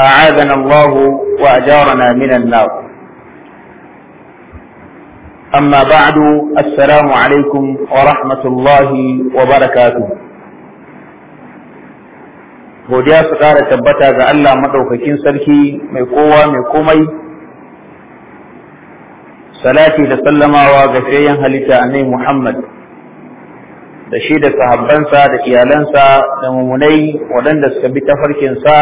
أعاذنا الله وأجارنا من النار أما بعد السلام عليكم ورحمة الله وبركاته godiya su ƙara tabbata ga Allah maɗaukakin sarki mai kowa mai komai salati da sallamawa ga fiyayyen halitta nai Muhammad da shi da sahabbansa da iyalansa da mumunai waɗanda suka bi tafarkinsa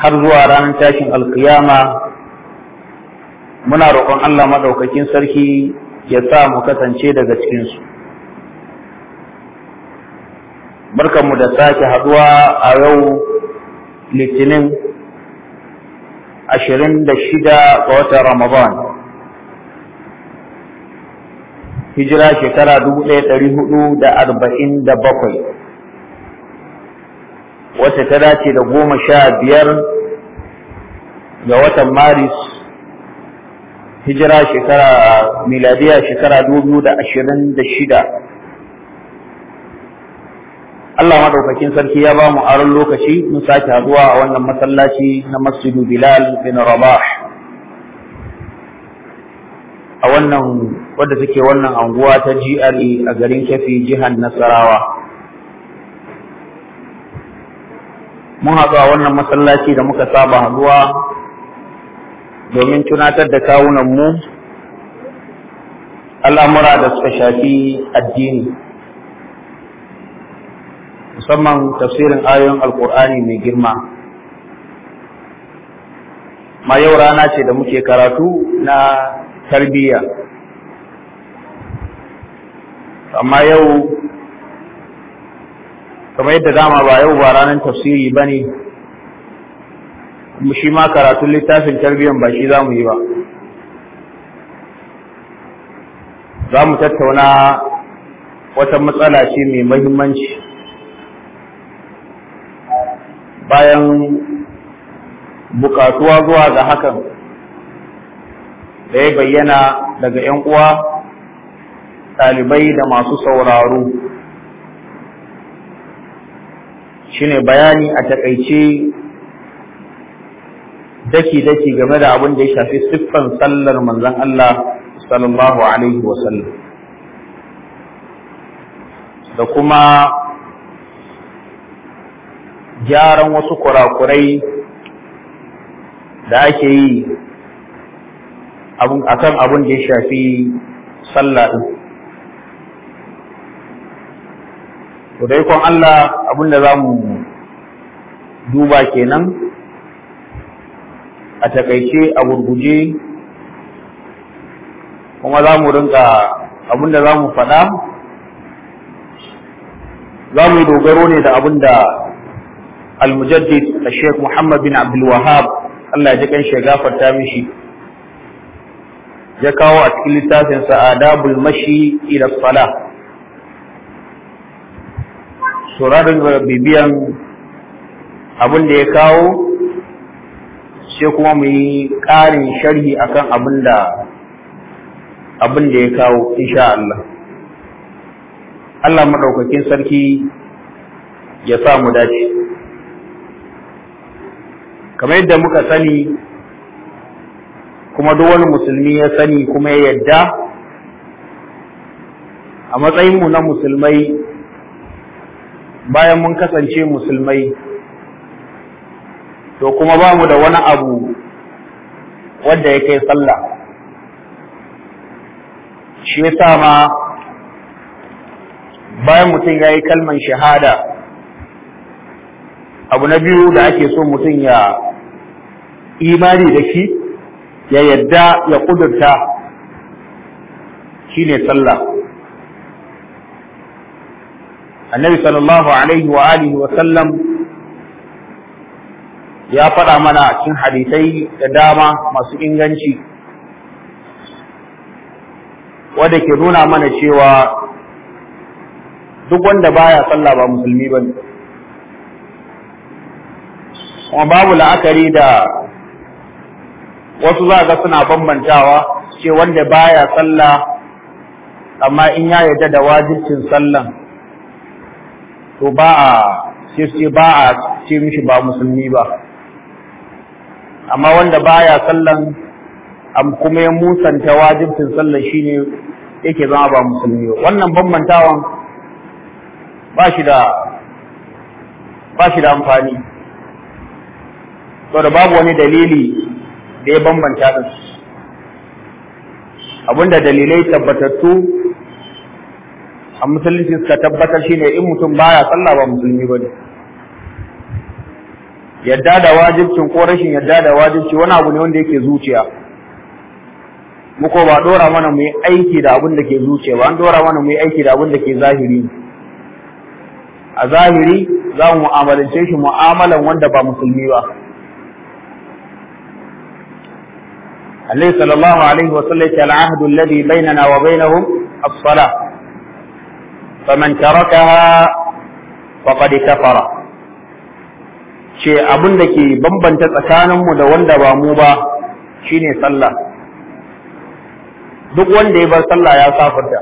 har zuwa ranar tashin alkiyama muna roƙon Allah maɗaukakin sarki ya sa mu kasance daga cikinsu. mu da sake haɗuwa a yau Litinin ashirin da shida ga watan Ramadan. Hijira shekara dubu ɗaya ɗari hudu da arba'in da bakwai. Wata ta dace da goma sha biyar ga watan maris hijira shekara miladiya shekara dubu da ashirin da shida Allah maɗaukakin sarki ya ba mu aron lokaci mun sake haduwa a wannan masallaci na masjidu Bilal bin Rabah a wannan wadda take wannan anguwa ta GRE a garin Kefi jihar Nasarawa mun haɗu a wannan masallaci da muka saba haɗuwa domin tunatar da kawunanmu al'amura da suka shafi addini musamman tafsirin ayoyin alkur'ani mai girma ma yau rana ce da muke karatu na tarbiyya amma yau kamar yadda dama ba yau ba ranar tafsiri ba ne shi ma karatun littafin tarbiyyar ba shi za mu yi ba za mu tattauna wata matsala ce mai mahimmanci bayan bukatuwa zuwa ga hakan da ya bayyana daga 'yan uwa ɗalibai da masu sauraro shine bayani a takaice daki-daki game da abin da ya shafi siffan sallar manzon Allah sallallahu alaihi wa sallam da kuma gyaran wasu kurakurai da ake yi akan abin da ya shafi sallah ɗin to Allah abin da za mu duba kenan a takaice a gurguje kuma za mu rinka abin da za mu faɗa za mu dogaro ne da abin da almujaddid a sheikh muhammad bin abdulwahab Allah ya kan shiga ta mishi ya kawo a cikin littafinsa adabul mashi ila salah sauraron bibiyan abin da ya kawo sai kuma mu yi ƙarin sharhi akan abin da abin da ya kawo insha Allah Allah maɗaukakin sarki ya sa mu dace kamar yadda muka sani kuma duk wani musulmi ya sani kuma ya yadda a matsayinmu na musulmai bayan mun kasance musulmai to kuma ba mu da wani abu wanda ya kai sallah shi yasa ma bayan mutum ya yi kalman shahada abu na biyu da ake so mutum ya imani da shi ya yadda ya kudurta shine sallah annabi sallallahu alaihi wa alihi wa sallam ya faɗa mana kin cikin hadisai da dama masu inganci wanda ke nuna mana cewa duk wanda baya sallah ba musulmi bane kuma babu la'akari da wasu za ga suna bambantawa ce wanda baya sallah amma in ya yarda da wajibcin sallan to ba a sai ba a ce mishi ba musulmi ba amma wanda baya sallan am kuma ya musanta wajibcin sallan shine yake zama ba musulmi ba wannan bambantawan ba shi da ba shi da amfani saboda babu wani dalili da ya bambanta din abinda dalilai tabbatattu a musulunci suka tabbatar shine in mutum baya sallah ba musulmi bane yadda da wajibcin ko rashin yadda da wajibci wani abu ne wanda yake zuciya muko ba dora mana mu yi aiki da abin da ke zuciya ba an dora mana mu yi aiki da abin da ke zahiri a zahiri za mu mu'amalance shi mu'amalan wanda ba musulmi ba Allah sallallahu alaihi wa sallam ya ce al-ahdu alladhi bainana wa bainahum as-salah faman tarakaha faqad kafara ce abin da ke bambanta tsakaninmu da wanda ba mu ba shine sallah duk wanda ya bar sallah ya kafirta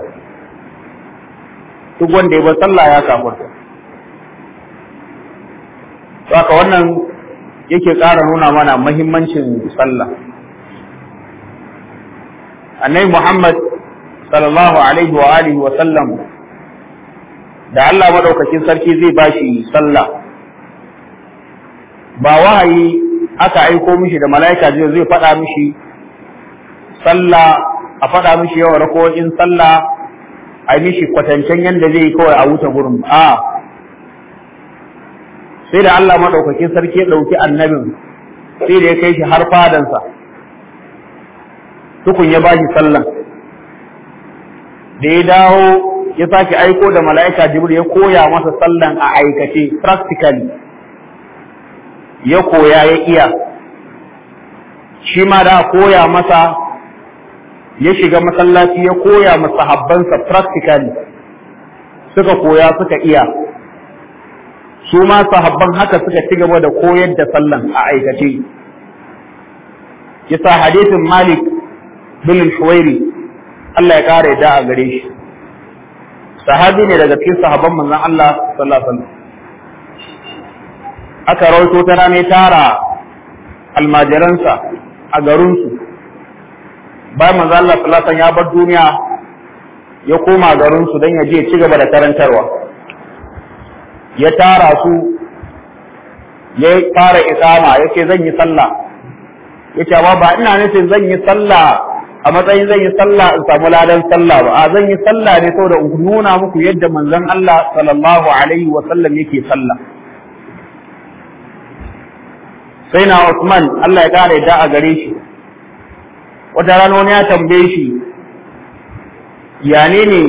duk wanda ya bar sallah ya kafirta haka wannan yake ƙara nuna mana muhimmancin sallah annabi Muhammad sallallahu alaihi wa alihi wa sallam da Allah madaukakin sarki zai bashi sallah ba wahayi aka aiko mishi da mala'ika zai faɗa mishi sallah a faɗa mishi yawan in sallah a mishi kwatancen yadda zai yi kawai a wuta gurin a sai da Allah maɗaukakin sarki ya ɗauki annabin sai da ya kai shi har fadansa tukun ya bashi sallan da ya dawo ya sake aiko da mala'ika jibril ya koya masa sallan a aikace practically ya koya ya iya shi ma da koya masa ya shiga masallaci ya koya masa habbansa practically suka koya suka iya su ma sahabban haka suka ci gaba da koyar da sallan a aikace kisa hadithin malik bin al Allah ya kare da a gare shi sahabi ne daga cikin sahabban manzon Allah sallallahu alaihi wasallam aka rawaito ta rana tara almajiransa a garinsu bayan manzon Allah sallallahu alaihi wasallam ya bar duniya ya koma garinsu don ya je ci gaba da karantarwa ya tara su ya fara isama ya ce zan yi sallah ya ce ba ina nufin zan yi sallah a matsayin zan yi sallah in samu ladan sallah ba a zan yi sallah ne saboda in nuna muku yadda manzon Allah sallallahu alaihi wa sallam yake sallah sai na Usman Allah ya kare da a gare shi wata rana wani ya tambaye shi ya ne ne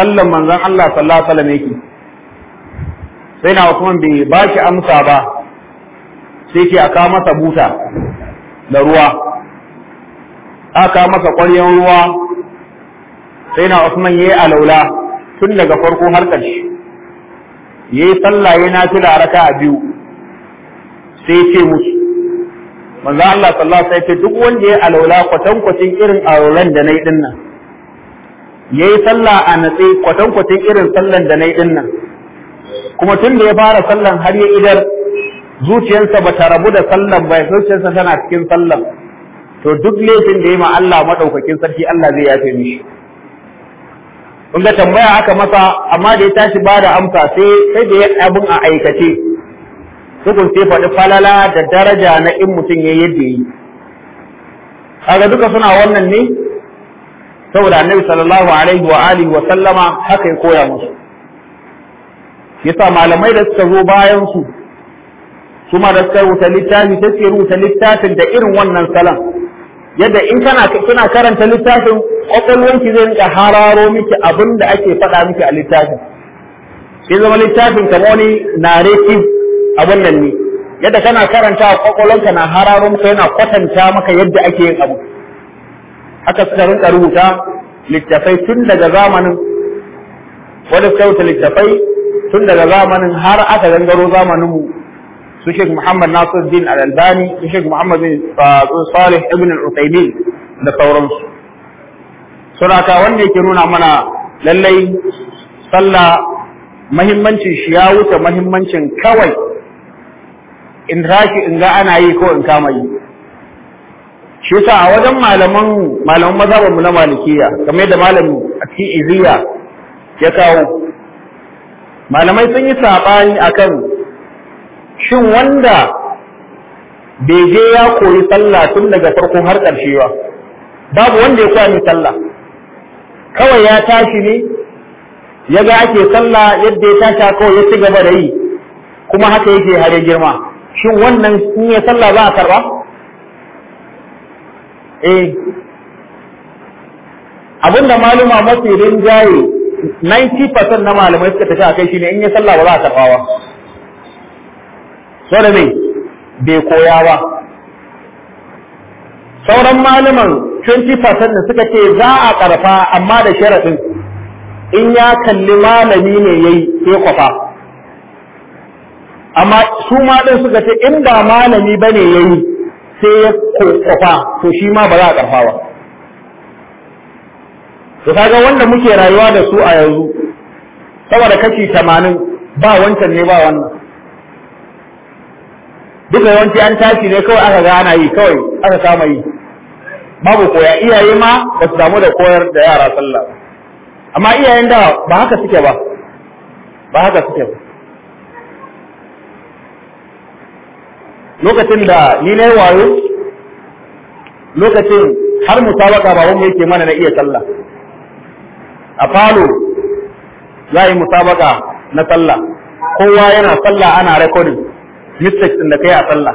sallan manzon Allah sallallahu alaihi wa sallam yake sai na Usman bai ba shi amsa ba sai ke aka masa buta da ruwa aka masa ƙwaryan ruwa sai na Usman yayi alaula tun daga farko har ƙarshe yayi sallah yayi nafila raka'a biyu sai ya ce musu manzo Allah sallallahu alaihi wasallam duk wanda yayi alaula kwatan kwatin irin alaulan da nayi din nan yayi sallah a natsi kwatan kwatin irin sallan da nayi din nan kuma tun da ya fara sallan har ya idar zuciyarsa ba ta rabu da sallan ba zuciyarsa tana cikin sallan to duk laifin da ya ma Allah maɗaukakin sarki Allah zai yafe mishi kun ga tambaya aka masa amma da ya tashi ba da amsa sai sai da ya abin a aikace tukun sai faɗi falala da daraja na in mutum ya yadda yi kaga duka suna wannan ne saboda annabi sallallahu alaihi wa alihi wa sallama haka ya koya musu yasa malamai da suka zo bayan su kuma da suka rubuta littafi sai rubuta littafin da irin wannan salan yadda in kana kuna karanta littafin kwakwalwanki zai rinka hararo miki abin da ake faɗa miki a littafin sai zama littafin kama wani narrative abin nan ne yadda kana karanta kwakwalwanka na hararo maka yana kwatanta maka yadda ake yin abu haka suka rinka rubuta littafai tun daga zamanin wani suka littafai tun daga zamanin har aka gangaro zamaninmu su Sheikh Muhammad Nasiruddin Al-Albani su Sheikh Muhammad bin Salih ibn al da sauransu suna ka wanda yake nuna mana lallai sallah mahimmancin shi ya wuce mahimmancin kawai in raki in ga ana yi ko in kama yi shi yasa a wajen malaman malaman mazhabar mu na malikiya kamar da malam a cikin iziya ya kawo malamai sun yi sabani akan shin wanda bai je ya koyi sallah tun daga farko har ƙarshe ba babu wanda ya koya sallah kawai ya tashi ne ya ga ake sallah yadda ya tashi kawai ya ci gaba da yi kuma haka yake har girma shin wannan in ya sallah za a karba eh abinda maluma mafi rinjaye 90% na malamai suka tafi a kai shi ne in ya sallah ba za a karba ba wadda ne, mai bai koya ba sauran malaman 20% da suka ce za a karfa amma da sharaɗin in ya kalli malami ne ya yi sai kwafa amma su maɗin suka ce in malami ba ne ya yi sai ya kwafa to shi ma ba za a karfa ba ta kaga wanda muke rayuwa da su a yanzu saboda kashi 80 ba wancan ne ba wannan duka yawanci an tashi ne kawai aka ga ana yi kawai aka kama yi babu koya iyaye ma ba su damu da koyar da yara sallah amma iyayen da ba haka suke ba ba haka suke ba lokacin da ni na wayo lokacin har musabaka ba mu yake mana na iya sallah a falo za yi musabaka na sallah kowa yana sallah ana rekodin mistakes din da kai a sallah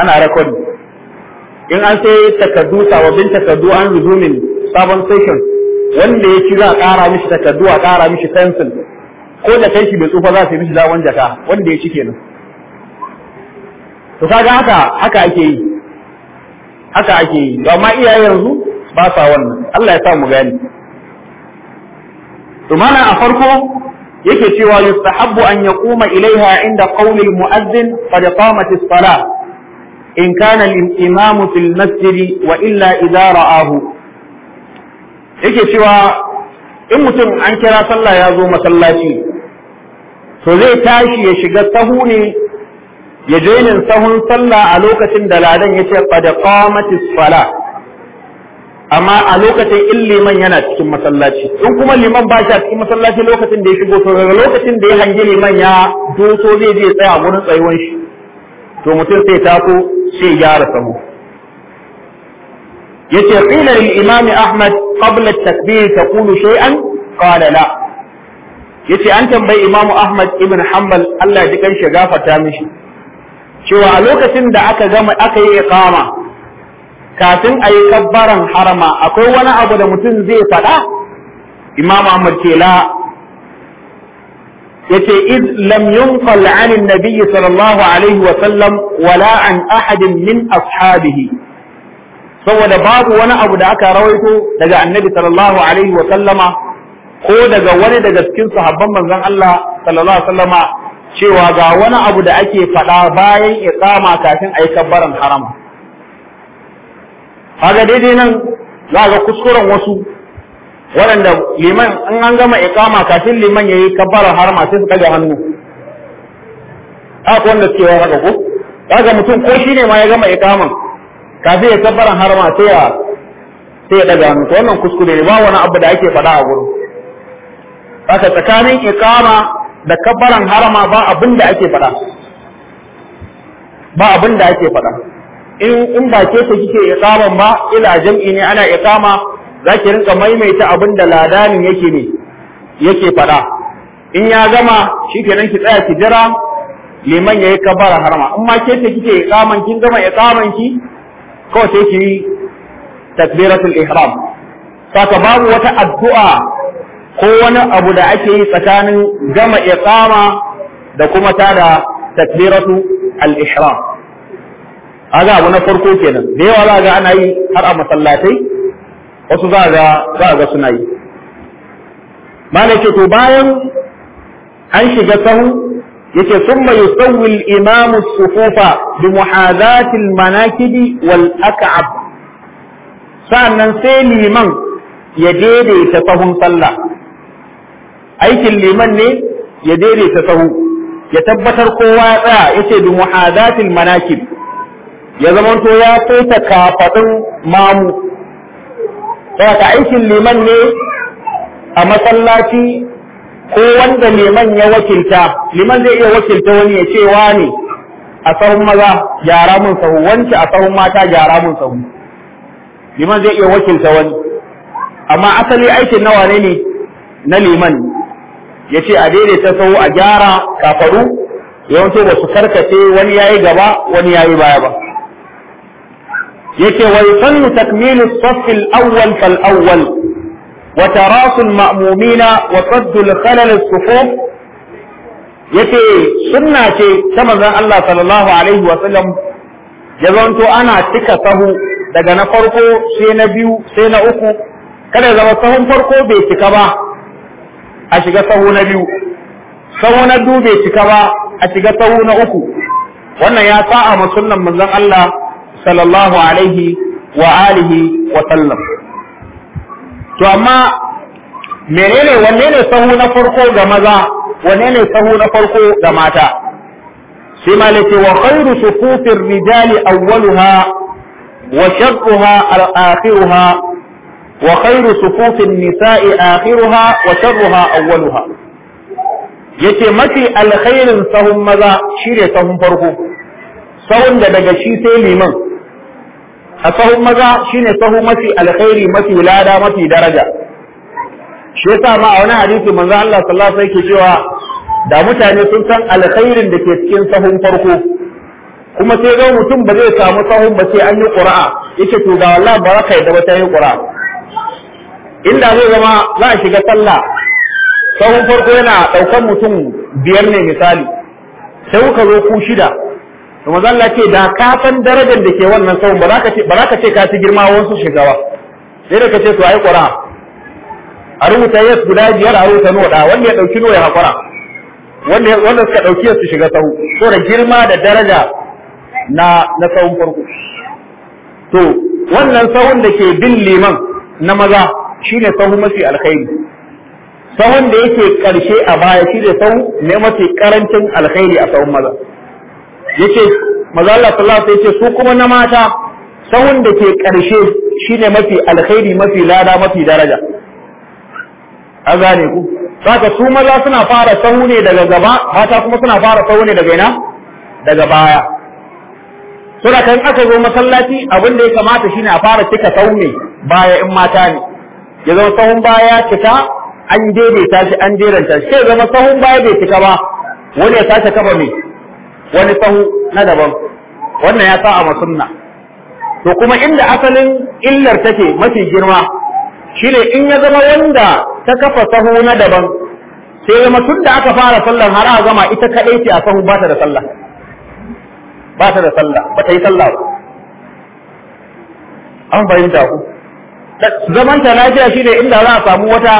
ana rakodi in an sai takardu sababbin takardu an rudumin sabon session wanda ya ci za a ƙara mishi takardu a kara mishi pencil ko da kai bai tsufa za su yi mishi zawon jaka wanda ya ci kenan to kaga haka haka ake yi haka ake yi ga ma iyaye yanzu ba sa wannan Allah ya sa mu gani to mana a farko yake cewa yustahabbu an yaquma ilaiha inda qawli mu'adhdhin qad qamat as-salah in kana al-imam masjid wa illa idza ra'ahu yake cewa in mutum an kira sallah ya zo masallaci to zai tashi ya shiga sahu ne ya je sahun sallah a lokacin da ladan yace qad qamat as-salah amma a lokacin in liman yana cikin masallaci in kuma liman ba shi a cikin masallaci lokacin da ya shigo to daga lokacin da ya hangi liman ya doso zai je tsaya wurin tsayuwan shi to mutum sai taso sai gyara sahu yace qila lil imam ahmad qabla at-takbir taqulu shay'an qala la yace an tambayi imam ahmad ibn hanbal Allah ya ji kan shi gafarta mishi cewa a lokacin da aka gama aka yi iqama kafin a yi kabbaran harama akwai wani abu da mutum zai faɗa imam ahmad ke la yace id lam la'anin an annabi sallallahu alaihi wa sallam wala an ahadin min ashabihi saboda babu wani abu da aka rawaito daga annabi sallallahu alaihi wa sallama ko daga wani daga cikin sahabban manzon Allah sallallahu alaihi wa cewa ga wani abu da ake faɗa bayan iqama kafin a yi kabbaran harama kaga daidai nan za ga kuskuren wasu waɗanda liman in an gama ikama kafin liman yi kabbara har ma sai su kaga hannu haka wanda cewa haka ko kaga mutum ko shi ne ma ya gama ikaman, kafin ya kabbara har ma sai ya sai ya daga hannu to wannan kuskure ne ba wani abu da ake faɗa a gurin haka tsakanin ikama da kabbaran harama ba abin da ake faɗa ba abin da ake faɗa in in ba ke ta kike iqaman ba ila jam'i ne ana iqama zaki rinka maimaita abin da ladanin yake ne yake fada in ya gama shikenan ki tsaya ki jira liman yayi kabara harma in ma ke ta kike iqaman kin gama iqaman ki kawai sai ki takbiratul ihram saka babu wata addu'a ko wani abu da ake yi tsakanin gama iqama da kuma tada takbiratu al-ihram aga abu na farko kenan da yawa za ga ana yi har a masallatai wasu za ga ga suna yi malaka to bayan an shiga sahu yake sun mai al-imamu as-sufufa bi muhadati manakibi wal ak'ab sannan sai liman ya daidaita sahun sallah aikin liman ne ya daidaita sahu ya tabbatar kowa ya tsaya yace bi muhadatil manakib ya zama to ya kaita kafadin mamu ka aikin liman ne a masallaci ko wanda liman ya wakilta liman zai iya wakilta wani ya cewa ne a sahun maza gyara mun sahu wanci a sahun mata gyara mun sahu liman zai iya wakilta wani amma asali aikin nawa ne ne na liman ya ce a daidaita sahu a gyara kafaru yawanci ba su karkace wani yayi gaba wani yayi baya ba yake wa yusannu takmilu as-saff al-awwal fal-awwal wa tarasul ma'mumina wa saddu al-khalal as-sufuf yake sunna ce ta manzon Allah sallallahu alaihi wa sallam ya zanto ana cika sahu daga na farko sai na biyu sai na uku kada ya zama sahun farko bai cika ba a shiga sahu na biyu sahu na biyu bai cika ba a shiga sahu na uku wannan ya sa'a ma sunnan manzon Allah sallallahu alaihi wa alihi wa sallam to amma menene wanne ne sahu na farko ga maza wanne ne sahu na farko ga mata sai malaki wa khairu sufufir rijali awwaluha wa sharruha akhiruha wa khairu sufufin nisa'i akhiruha wa sharruha awwaluha yace mafi alkhairin sahun maza shine sahun farko sahun da daga shi sai liman a sahun maza shine sahu mafi alkhairi mafi lada mafi daraja shi yasa ma a wani hadisi manzo Allah sallallahu alaihi wasallam cewa da mutane sun san alkhairin da ke cikin sahun farko kuma sai ga mutum ba zai samu sahun ba sai an yi qura'a yake to ga wallahi baraka da wata yi qura'a inda zai zama za a shiga sallah sahun farko yana daukan mutum biyar ne misali sai kuka zo ku shida to maza Allah ce da ka san darajar da ke wannan sahun ba za ka ce ka ci girma wasu shugaba sai da ka ce to ai ƙura a rubuta yes guda biyar a rubuta noda wanda ya ɗauki noya ya wanda wanda suka dauki su shiga sahu So da girma da daraja na na sahun farko to wannan sahun da ke bin liman na maza shine sahu mafi alkhairi sahun da yake ƙarshe a baya shine sahu ne mafi ƙarancin alkhairi a sahun maza yake maza Allah sallallahu alaihi su kuma na mata sahun da ke karshe shine mafi alkhairi mafi lada mafi daraja A gane ku saka su maza suna fara sahu ne daga gaba mata kuma suna fara sahu ne daga ina daga baya Suna kan aka zo masallaci abin da ya kamata shine a fara cika sahu ne baya in mata ne ya zama sahun baya cika an daidaita shi an jeranta shi sai zama sahun baya bai cika ba wani ya sace kafa mai wani sahu na daban wannan ya sa a sunna to kuma inda asalin illar take mafi girma shine in ya zama wanda ta kafa sahu na daban sai zama tun da aka fara sallar har a zama ita kaɗai ce a sahu ba ta da sallah ba ta da sallah ba ta yi sallah ba an fahimta ku zaman ta lafiya shine inda za a samu wata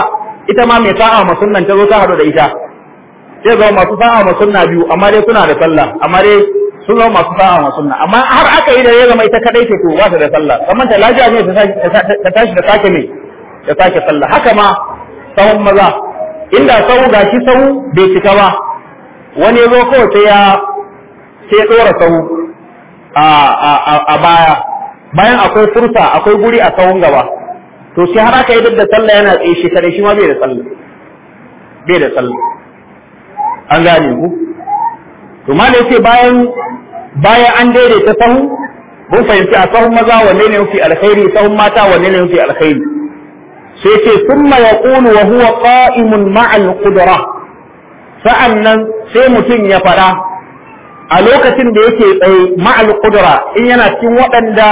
ita ma mai sa'a ma sunnan ta zo ta hado da ita sai zama masu sa'a ma sunna biyu amma dai suna da sallah amma dai sun zama masu sa'a ma sunna amma har aka yi da ya zama ita kadai ce to ba ta da sallah kamar ta lafiya ne ta tashi da sake ne da sake sallah haka ma sahun maza inda sahu ga shi sahu bai cika ba wani ya zo kawai sai ya sai ya dora sahu a baya bayan akwai fursa akwai guri a sahun gaba to shi har aka yi duk da sallah yana tsaye shi kadai shi ma bai da sallah bai da sallah an gane ku to ma ce bayan bayan an daidaita sahu mun fahimci a sahun maza wanne ne mafi alkhairi sahun mata wanne ne mafi alkhairi sai ce thumma yaqulu wa huwa qa'imun ma'a al-qudra sa'annan sai mutum ya fara a lokacin da yake tsaye ma'al in yana cikin waɗanda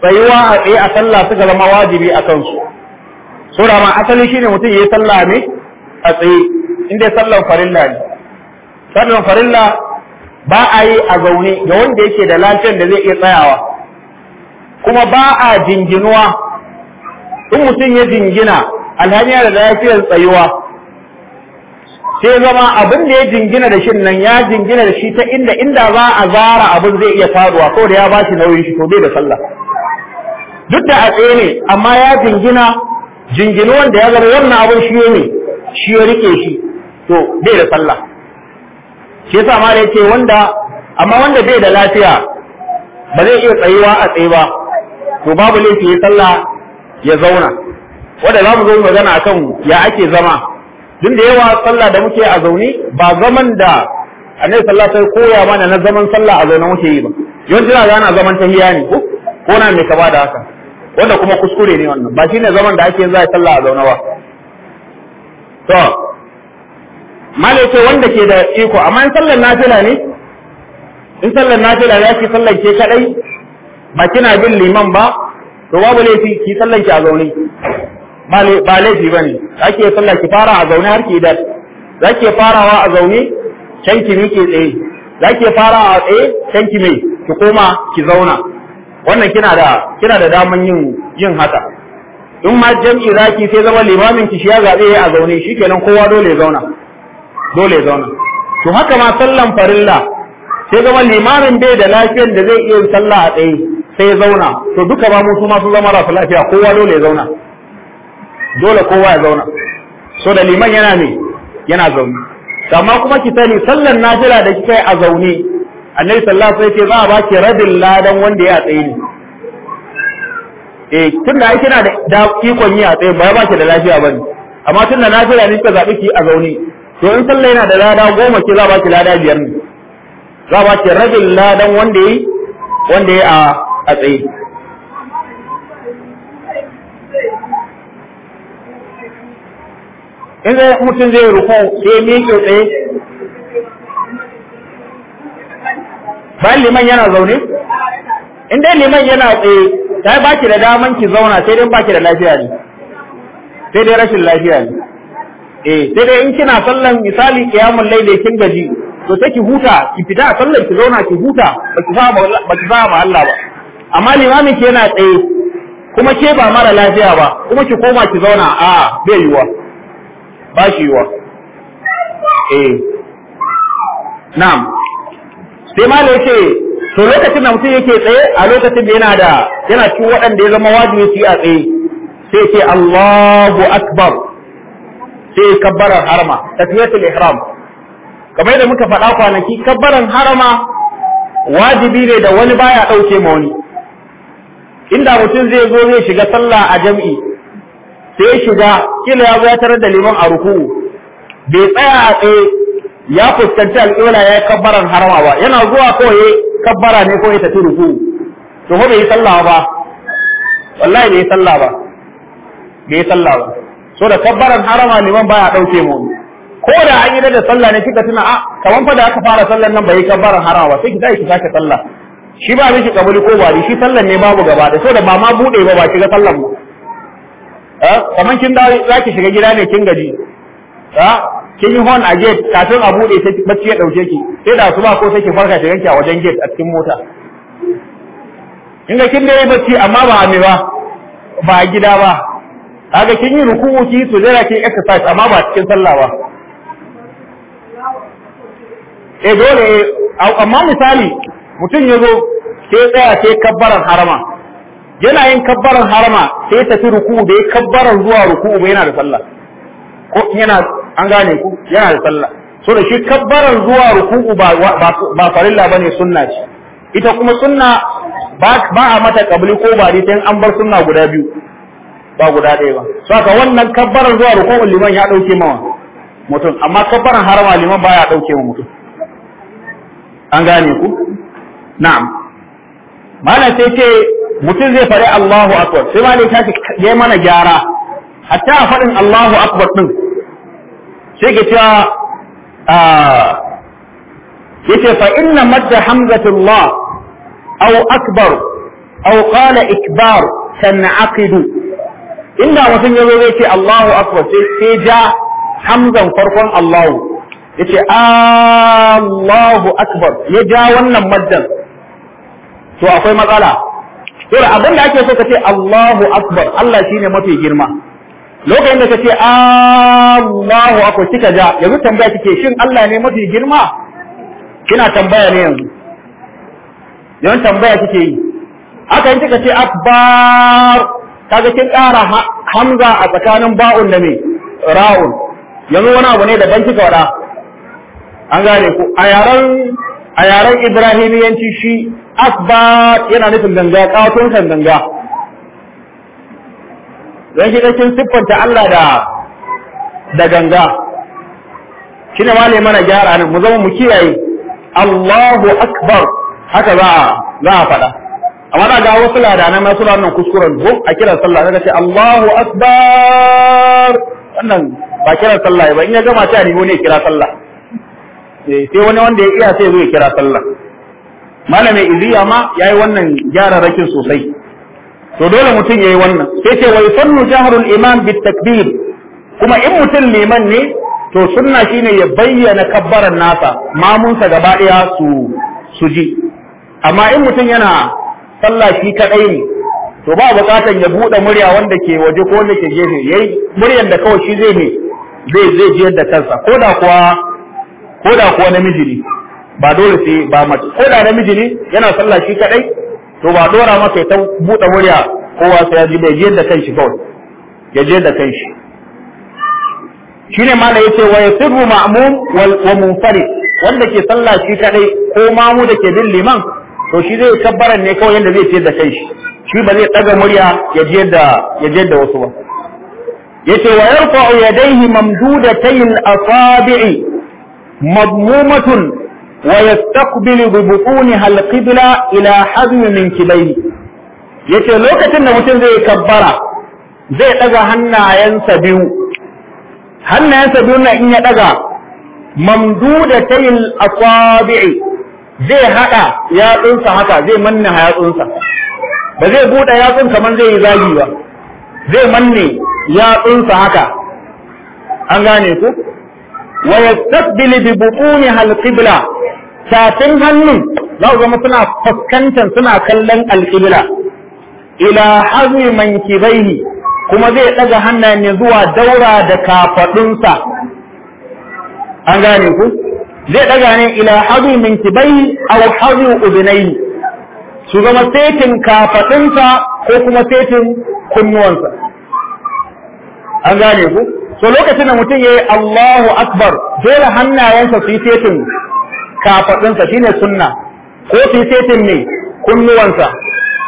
tsayuwa a tsaye a sallah suka zama wajibi a kansu sura ma asali shine mutum yayi sallah ne a tsaye in dai sallan farilla ne sallan farilla ba a yi a zaune ga wanda yake da lafiyar da zai iya tsayawa kuma ba a jinginuwa in mutum ya jingina alhaniya da lafiyar tsayuwa sai zama abin da ya jingina da shi nan ya jingina da shi ta inda inda za a zara abin zai iya faruwa ko da ya ba shi nauyin shi to bai da sallah duk da a tsaye ne amma ya jingina jinginuwan da ya zama wannan abin shi ne shi ya rike shi to bai da sallah shi yasa ma ya ce wanda amma wanda bai da lafiya ba zai iya tsayuwa a tsaye ba to babu laifi ya sallah ya zauna wanda za mu zo magana akan ya ake zama duk da yawa sallah da muke a zaune ba zaman da annabi sallallahu alaihi koya mana na zaman sallah a zaune muke yi ba yawanci za ana zaman tahiya ne ko ko na mai kaba da haka wanda kuma kuskure ne wannan ba shine zaman da ake yin za a sallah a zaune ba to malaka wanda ke da iko amma in sallar nafila ne in sallar nafila ya ki sallar ke kadai ba kina bin liman ba to babu laifi ki sallar ki a zaune ba laifi ba ne za ki sallar ki fara a zaune har ki idar za ki farawa a zaune can ki miƙe tsaye za ki fara a tsaye can ki mai ki koma ki zauna wannan kina da kina da daman yin yin haka in ma jam'i zaki sai zama limamin ki shi ya zabe a zaune shikenan kowa dole ya zauna dole ya zauna to haka ma sallan farilla sai zama limamin bai da lafiyar da zai iya sallah a tsaye sai ya zauna to duka ba musu masu zama rasu lafiya kowa dole ya zauna dole kowa ya zauna so da liman yana ne yana zaune amma kuma ki sani sallan nafila da kika yi a zaune annabi sallallahu alaihi wasallam za a ki rabin ladan wanda ya tsaye ne eh tunda ai kina da ikon yi a tsaye ba ba ki da lafiya bane amma tunda nafila ne kika zabi ki a zaune to in sallah yana da lada goma ce za ba ki lada biyar ne za ba ki rabin ladan wanda yi wanda yi a a tsaye in zai mutum zai ruku sai ke tsaye bayan liman yana zaune in dai liman yana tsaye ta ba ki da daman ki zauna sai dai ba ki da lafiya ne sai dai rashin lafiya ne eh sai dai in kina sallan misali qiyamul layli kin gaji to take ki huta ki fita a sallar ki zauna ki huta baki fa baki fa ma Allah ba amma limamin ki yana tsaye kuma ke ba mara lafiya ba kuma ki koma ki zauna a bai yiwa ba shi yiwa eh na'am sai ma ce to lokacin da mutum yake tsaye a lokacin da yana da yana cikin waɗanda ya zama wajibi su a tsaye sai ce Allahu akbar sai kabbarar harama takbiratul ihram kamar da muka faɗa kwanaki kabbaran harama wajibi ne da wani baya ɗauke ma wani inda mutum zai zo zai shiga sallah a jam'i sai ya shiga kila ya zo ya tarar da liman a ruku, bai tsaya a tsaye ya fuskanci al'ula ya yi kabbaran harama ba yana zuwa kawai kabbara ne ko ya tafi ruku. to ko bai yi sallah ba wallahi bai sallah ba bai yi sallah ba to da kabbaran harama liman baya dauke mu ko da an yi da sallah ne kika tuna a ah, kaman fa da aka fara sallan nan bai kabbaran harama sai ki dai ki sake sallah shi ba miki kabuli ko bari shi sallan ne babu gaba da saboda ba ma bude ba ba kiga sallan mu eh kaman kin da zaki shiga gida ne kin gaji eh kin yi hon a gate kafin a bude sai bacci ya dauke ki sai da asuba ko sai ki farka ki a wajen gate a cikin mota in ga kin yi bacci amma ba a me ba ba gida ba kaga kin yi ruku'u ki sujada ki exercise amma ba cikin sallah ba eh dole eh, amma misali mutum ya zo sai tsaya sai kabbaran harama yana yin kabbaran harama sai tafi ruku'u da ya kabbaran zuwa ruku'u ba yana da sallah ko yana an gane ku yana da sallah so da shi kabbaran zuwa ruku'u ba ba farilla bane sunna ce ita kuma sunna ba a mata kabli ko ba sai an bar sunna guda biyu ba guda ɗaya ba So ka wannan kabbara zuwa rukun liman ya dauke mawa mutum amma kabbaran harama liman ba ya dauke wa mutum an gane ku na'am mana sai ce mutum zai faɗi Allahu akbar sai mana ta ce ya mana gyara hatta a fadin Allahu akbar din sai ke cewa a yace fa inna madda hamzatullah aw akbar aw qala ikbar tanqidu inda mutum ya zo zai ce Allahu akbar sai sai ja hamzan farkon Allahu yace Allahu akbar ya ja wannan maddan to akwai matsala to abin da ake so ka ce Allahu akbar Allah shine mafi girma lokacin da kace Allahu akbar kika ja yanzu tambaya kike shin Allah ne mafi girma kina tambaya ne yanzu yawan tambaya kike yi haka in kace ce akbar kaga kin ƙara hamza a tsakanin ba'un da ne ra'un yanzu wani abu ne daban kika wada an gane ku a yaran a yaran ibrahimiyanci shi asba yana nufin ganga kawatun kan ganga dan shi kin siffanta Allah da da ganga shi ne mana gyara nan mu zama mu kiyaye Allahu akbar haka za a faɗa amma da ga wasu ladana ma suna wannan kuskuren ko a kiran sallah daga ce Allahu akbar wannan ba kiran sallah ba in ya gama ta ne ne kira sallah eh, sai wani wanda ya iya sai zo ya kira sallah malamin iziya ma yayi wannan rakin sosai to dole mutum yayi wannan sai ce wai sunnu jahrul iman bit takbir kuma in mutum liman ne to sunna shine ya bayyana kabbaran nasa mamunsa gaba daya su su ji amma in mutum yana sallah shi kadai ne to ba bukatan ya bude murya wanda ke waje ko wanda ke gefe yayi muryan da kawai shi zai ne zai zai ji yadda kansa ko da kuwa ko da kuwa namiji ne ba dole sai ba mace ko da namiji ne yana sallah shi kadai to ba dora masa ta bude murya kowa sai ya ji bai ji yadda kanshi kawai ya ji yadda kanshi shine malai yace wa yasirru ma'mum wal wa munfarid wanda ke sallah shi kadai ko mamu da ke bin liman to shi zai kabbara ne kawai yadda zai ciyar da kai shi shi ba zai ɗaga murya ya je da ya je da wasu ba yace wa yarfa'u yadayhi mamdudatayil asabi'i madmumatun wa yastaqbilu takbili butunha al ila hazmi min Ya yace lokacin da mutum zai kabbara zai ɗaga hannayensa biyu hannayensa biyu na in ya ɗaga daga tayin asabi'i zai haɗa yatsunsa haka zai manne yatsunsa ba zai buɗe yatsun kamar zai yi zagi ba zai manne yatsunsa haka an gane ku wa yastaqbilu bi butuni hal qibla tafin hannun za ku zama suna fuskantar suna kallon alƙibla ila hazmi kibaihi kuma zai ɗaga hannayen zuwa daura da kafaɗunsa an gane ku zai daga ne ila hadu min kibai aw hadu udunai su zama setin kafadinsa ko kuma setin kunnuwansa an gane ku so lokacin da mutum yayi Allahu akbar dole hannayensa su yi setin kafadinsa shine sunna ko su yi setin ne kunnuwansa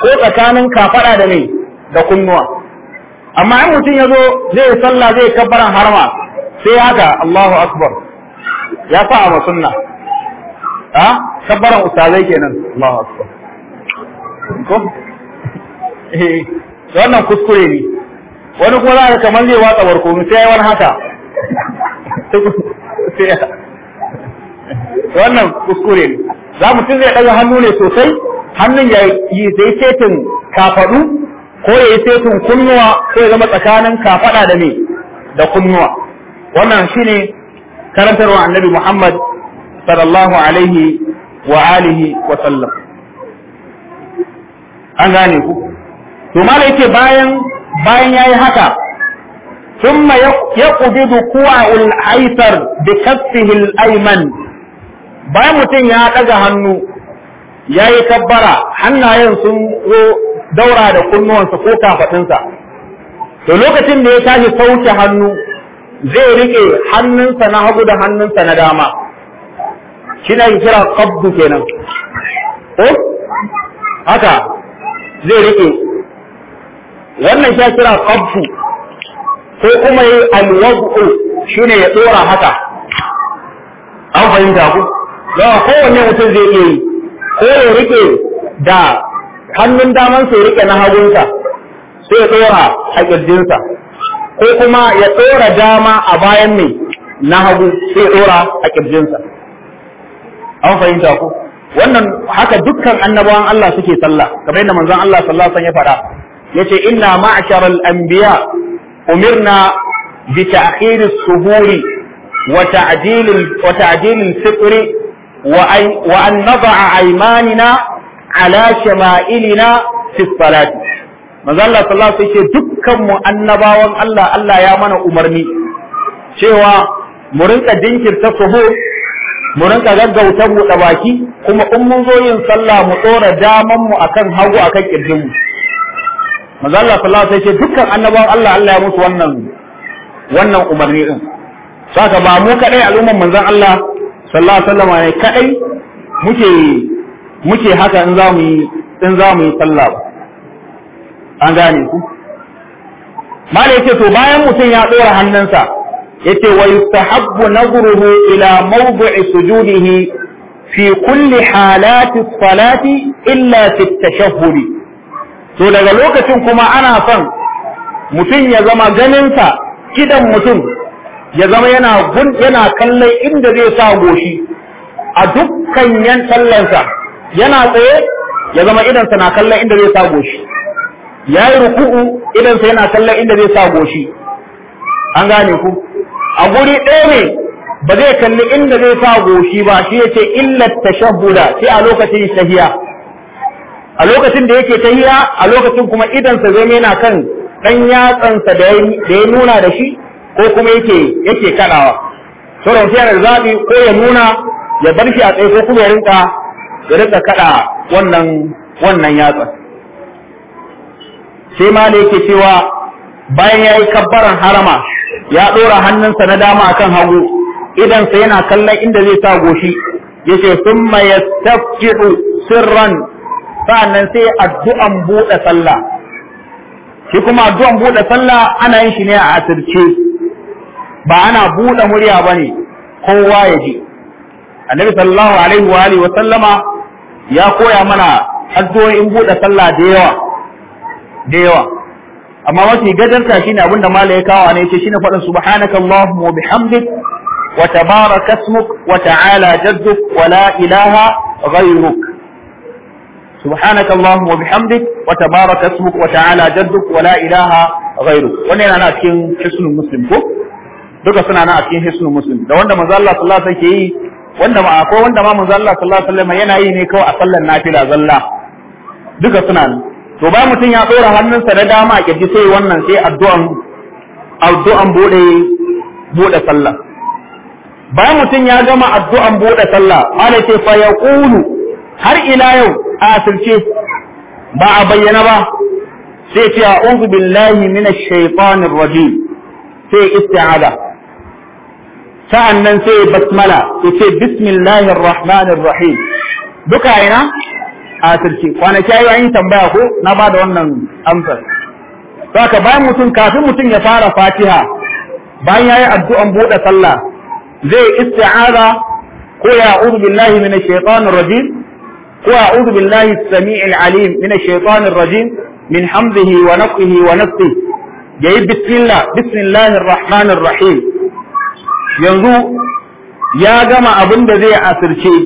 ko tsakanin kafada da mai da kunnuwa amma in mutum ya zo zai sallah zai kabbaran harma sai haka Allahu akbar ya sa a masunna. ha kabbaran ustazai kenan Allahu akbar ko eh wannan kuskure ne wani kuma za a kamar zai watsa barkono sai ya wani haka wannan kuskure ne za mu cin zai ɗaga hannu ne sosai hannun ya yi zai setin kafaɗu ko ya yi setin kunnuwa ko ya zama tsakanin kafaɗa da me da kunnuwa wannan shine karantarwa annabi Muhammad sallallahu alaihi wa alihi wa sallam an gane ku to malai yake bayan bayan yayi haka al يقبض bi kaffihi al Ba bayan mutum ya daga hannu yayi yi kabbara hannayen sun zo daura da kunnuwansa ko kafaɗinsa to lokacin da ya tashi sauke hannu zai rike hannunsa na hagu da hannunsa na dama shi na kira kabdu kenan ko haka zai rike wannan sha kira kabbu ko kuma yi alwabu shi ne ya tsora haka an fahimta ku yawa kowanne mutum zai iya yi ko ya rike da hannun damansa su rike na hagunsa sai ya tsora a ƙirjinsa ko kuma ya tsora dama a bayan mai na hagu sai tsora a kirjinsa an fahimta ku wannan haka dukkan annabawan Allah suke sallah kamar yadda manzon Allah sallallahu alaihi wasallam ya faɗa yace inna ma'sharal anbiya umirna bi ta'khir as-suhuri wa wa ta'dil al-fitr wa an nad'a aymanina ala shama'ilina fi salati manzo Allah sallallahu alaihi wasallam dukkan mu annabawan Allah Allah ya mana umarni cewa mu rinka jinkirta suhu mu rinka gaggauta da baki kuma in mun zo yin sallah mu tsora daman mu akan hagu akan kirjin mu manzo Allah sallallahu alaihi wasallam dukkan annabawan Allah Allah ya musu wannan wannan umarni din saka ba mu kadai al'umman manzon Allah sallallahu alaihi wasallam ne kadai muke muke haka in za mu yi in za mu yi sallah ba an gane ku malai yake to bayan mutum ya dora hannunsa yace wa yustahabbu nazruhu ila mawdi'i sujudihi fi kulli halati salati illa fi tashahhudi to daga lokacin kuma ana son mutum ya zama ganinsa kidan mutum ya zama yana gun yana kallon inda zai sa goshi a dukkan yan sallansa yana tsaye ya zama idansa na kallon inda zai sa goshi ya yi ruku'u idan sai yana kallon inda zai sa goshi an gane ku a guri ɗaya ne ba zai kalli inda zai sa goshi ba shi yace illa tashahhuda sai a lokacin tahiya a lokacin da yake tahiya a lokacin kuma idan sa zai yana kan ɗan yatsansa da ya nuna da shi ko kuma yake yake kadawa sauran sai da zaɓi ko ya nuna ya bar shi a tsaye ko kuma ya rinka ya rinka kaɗa wannan wannan yatsan sai ma da yake cewa bayan ya yi kabbaran harama ya ɗora hannunsa na dama akan hagu idan idansa yana kallon inda zai sa goshi ya ce sun ya tafkiɗu sirran sa'annan sai addu'an buɗe sallah shi kuma addu'an buɗe sallah ana yin shi ne a asirce ba ana buɗe murya ba ne kowa ya ji annabi sallallahu alaihi wa alihi sallama ya koya mana addu'o'in buɗe sallah da yawa da yawa amma mafi gadarta shine abin da mala ya kawo ne yace shine faɗin subhanaka allahumma wa bihamdik wa tabaraka ismuk wa ta'ala jadduk wa la ilaha ghayruk subhanaka allahumma wa bihamdik wa tabaraka ismuk wa ta'ala jadduk wa la ilaha ghayruk wannan yana cikin hisnul muslim ko duka suna nan a cikin hisnul muslim da wanda manzo Allah sallallahu alaihi wasallam yake yi wanda ma akwai wanda ma manzo Allah sallallahu alaihi wasallam yana yi ne kawai a sallar nafila zalla duka suna nan to ba mutum ya ɗora hannunsa na dama a kirji sai wannan sai addu'an addu'an bude bude sallah ba mutum ya gama addu'an bude sallah mala ce fa ƙulu har ila yau a asirce ba a bayyana ba sai ce a'udhu billahi minash shaitanir rajim sai isti'ada sa'annan sai basmala yace bismillahir rahmanir rahim duka ina asirci kwanaki ayi an yi tambaya ko na ba da wannan amsar saka bayan mutum kafin mutum ya fara fatiha bayan yayi addu'an bude sallah zai isti'aza ko ya a'udhu billahi minash shaitanir rajim ko ya a'udhu billahi as-sami'il alim minash shaitanir rajim min hamdihi wa nafthihi wa nafthihi yayi bismillah bismillahir rahmanir rahim yanzu ya gama abin da zai asirce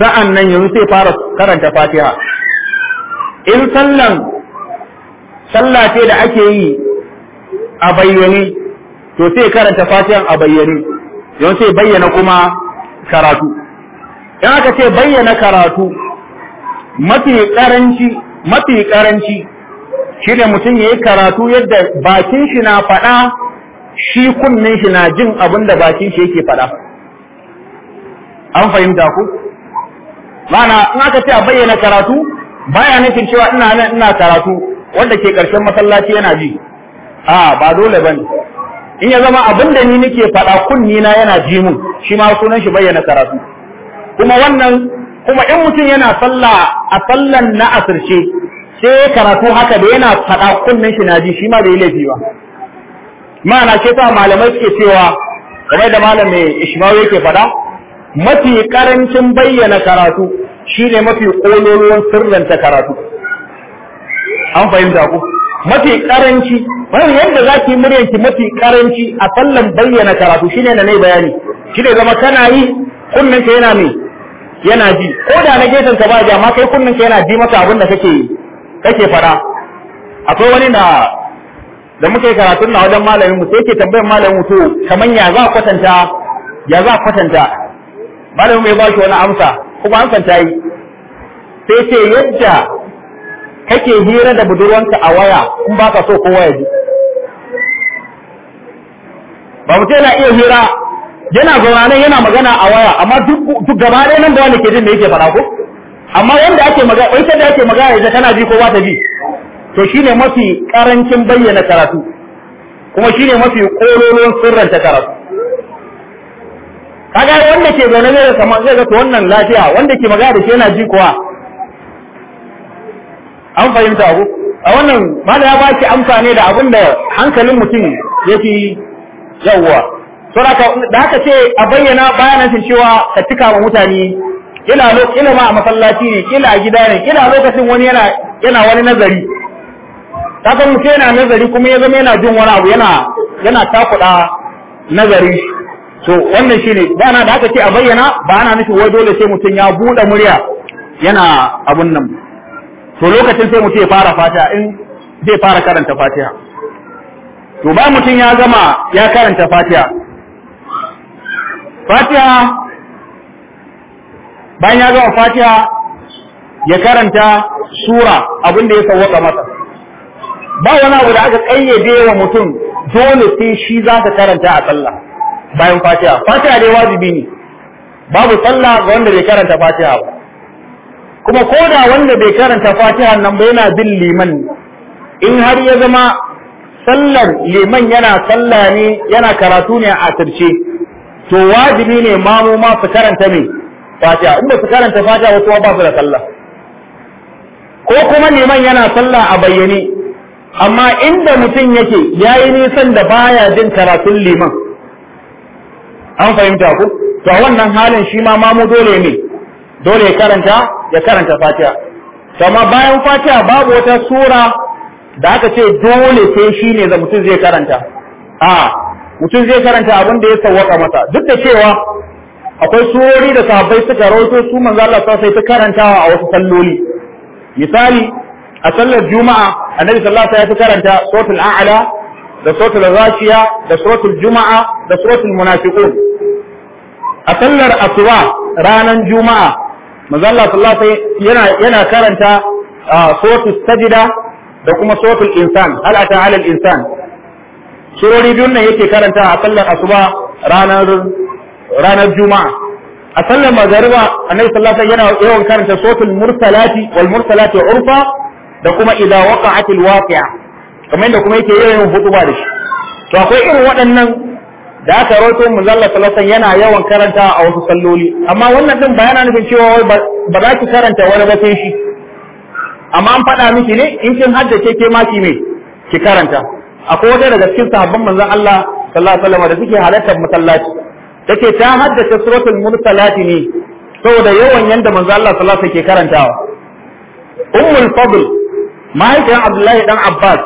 sa'an nan yanzu sai fara karanta fatiha in sallan sallah ce da ake yi a bayyane to sai karanta fatihan a bayyane yanzu sai bayyana kuma karatu in aka ce bayyana karatu mafi karanci mafi karanci shi da mutum ya yi karatu yadda bakin shi na faɗa shi kunnen shi na jin abin da bakin shi yake faɗa an fahimta ku mana in aka ce a bayyana karatu baya nufin cewa ina nan ina karatu wanda ke karshen masallaci yana ji a ba dole bane in ya zama abin da ni nake faɗa kunni na yana ji mun shi ma sunan shi bayyana karatu kuma wannan kuma in mutum yana sallah a sallan na asirce sai karatu haka da yana faɗa kunnen shi na ji shi ma bai laifi ba ma'ana ke ta malamai ke cewa kamar da malam mai ishmawi yake faɗa mafi karancin bayyana karatu shine mafi ƙololuwan sirranta karatu an fahimta ku mafi karanci wani yadda za ki muryanki mafi karanci a sallan bayyana karatu shine na nai bayani Shi ne zama kana yi kunninka yana mai yana ji ko da na gefen ka ba ji amma kai kunninka yana ji maka abin da kake kake fara akwai wani na da muka yi karatun na wajen malamin mu sai ke tambayar malamin to kamar ya za kwatanta ya za kwatanta malamin mai ba shi wani amsa kuma amsan ta yi sai ce yadda kake hira da budurwanka a waya in ba ka so kowa ya ji ba mutum yana iya hira yana zaune yana magana a waya amma duk gaba ɗaya nan da wani ke jin da yake fara ko amma wanda ake magana wai da ake magana ita tana ji ko ba ta ji to shine mafi karancin bayyana karatu kuma shine mafi kololon sirran ta karatu kaga wanda ke zaune ne da kamar zai ga to wannan lafiya wanda ke magana da shi yana ji kuwa an fahimta ku a wannan Malam ya baki amfani da abin da hankalin mutum yake yawwa saboda da haka ce a bayyana bayanan cewa ka cika wa mutane ila ila ma a masallaci ne ila a gida ne ila lokacin wani yana yana wani nazari kaga mutum yana nazari kuma ya zama yana jin wani abu yana yana takuda nazari so wannan shine ba na da aka ce a bayyana ba ana nufin wai dole sai mutum ya bude murya yana abun nan to lokacin sai mutum ya fara fatiha in zai fara karanta fatiha to ba mutum ya gama ya karanta fatiha fatiha bayan ya gama fatiha ya karanta sura abin da ya sawwaka masa ba wani abu da aka kayyade wa mutum dole sai shi za ka karanta a sallah bayan fatiha fatiha ne wajibi ne babu sallah ga wanda bai karanta fatiha ba kuma ko da wanda bai karanta fatiha nan ba yana bin liman in har ya zama sallar liman yana sallah ne yana karatu ne a tarce to wajibi ne mamu ma su karanta ne fatiha in ba su karanta fatiha wasu ba su da sallah ko kuma liman yana sallah a bayyane amma inda mutum yake yayi nisan da baya jin karatun liman an fahimta ku to a wannan halin shi ma mamu dole ne dole ya karanta ya karanta fatiha to amma bayan fatiha babu wata sura da aka ce dole sai shi ne da mutum zai karanta a mutum zai karanta abin da ya sawwaka masa duk da cewa akwai surori da sahabbai suka rawaito su manzo Allah sai ta karantawa a wasu salloli misali a sallar juma'a annabi sallallahu alaihi wasallam ya karanta suratul a'la da suratul rashiya da suratul juma'a da suratul munafiqun a sallar asuba ranar juma'a Mazalla Allah yana yana karanta suratul sajda da kuma suratul insan hal halal insan surori biyun nan yake karanta a sallar asuba ranar ranar juma'a a sallar magariba annabi sallallahu yana yawan karanta suratul mursalati wal mursalati urfa da kuma idza waqa'atil waqi'a kamar da kuma yake yawan hutuba da shi to akwai irin waɗannan da aka rawaito zalla sallallahu yana yawan karanta a wasu salloli amma wannan din ba yana nufin cewa wai ba za ki karanta wani ba sai shi amma an faɗa miki ne in kin haddace ke ke ki me ki karanta akwai wata daga cikin sahabban manzon Allah sallallahu alaihi wasallam da suke halartar masallaci take ta haddace suratul mursalati ne saboda yawan yanda manzon Allah sallallahu alaihi wasallam ke karantawa ummul fadl mahaifiyar Abdullahi dan Abbas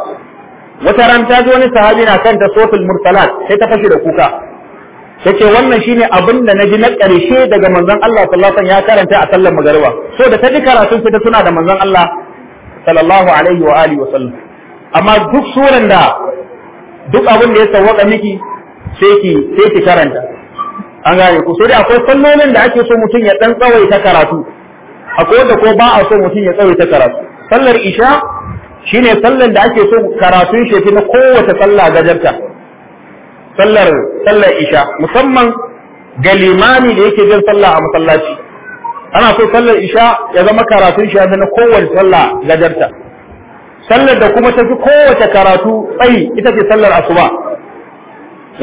wata ran ta ji wani sahabi na kan ta sotul mursalat sai ta fashe da kuka Ta ce wannan shine abin da naji na ƙarshe daga manzon Allah sallallahu alaihi ya karanta a sallar magariba so da ta ji karatun sai ta tuna da manzon Allah sallallahu alaihi wa alihi wasallam amma duk suran da duk abin da ya sawwaka miki sai ki sai ki karanta an gane ku sai akwai sallolin da ake so mutum ya dan tsawaita karatu akwai da ko ba a so mutum ya tsawaita karatu sallar isha shine sallar da ake so karatun shefi na kowace sallah gajarta sallar sallar isha musamman ga limami da yake jin sallah a masallaci ana so sallar isha ya zama karatun shi na kowace sallah gajarta sallar da kuma tafi kowace karatu tsayi ita ce sallar asuba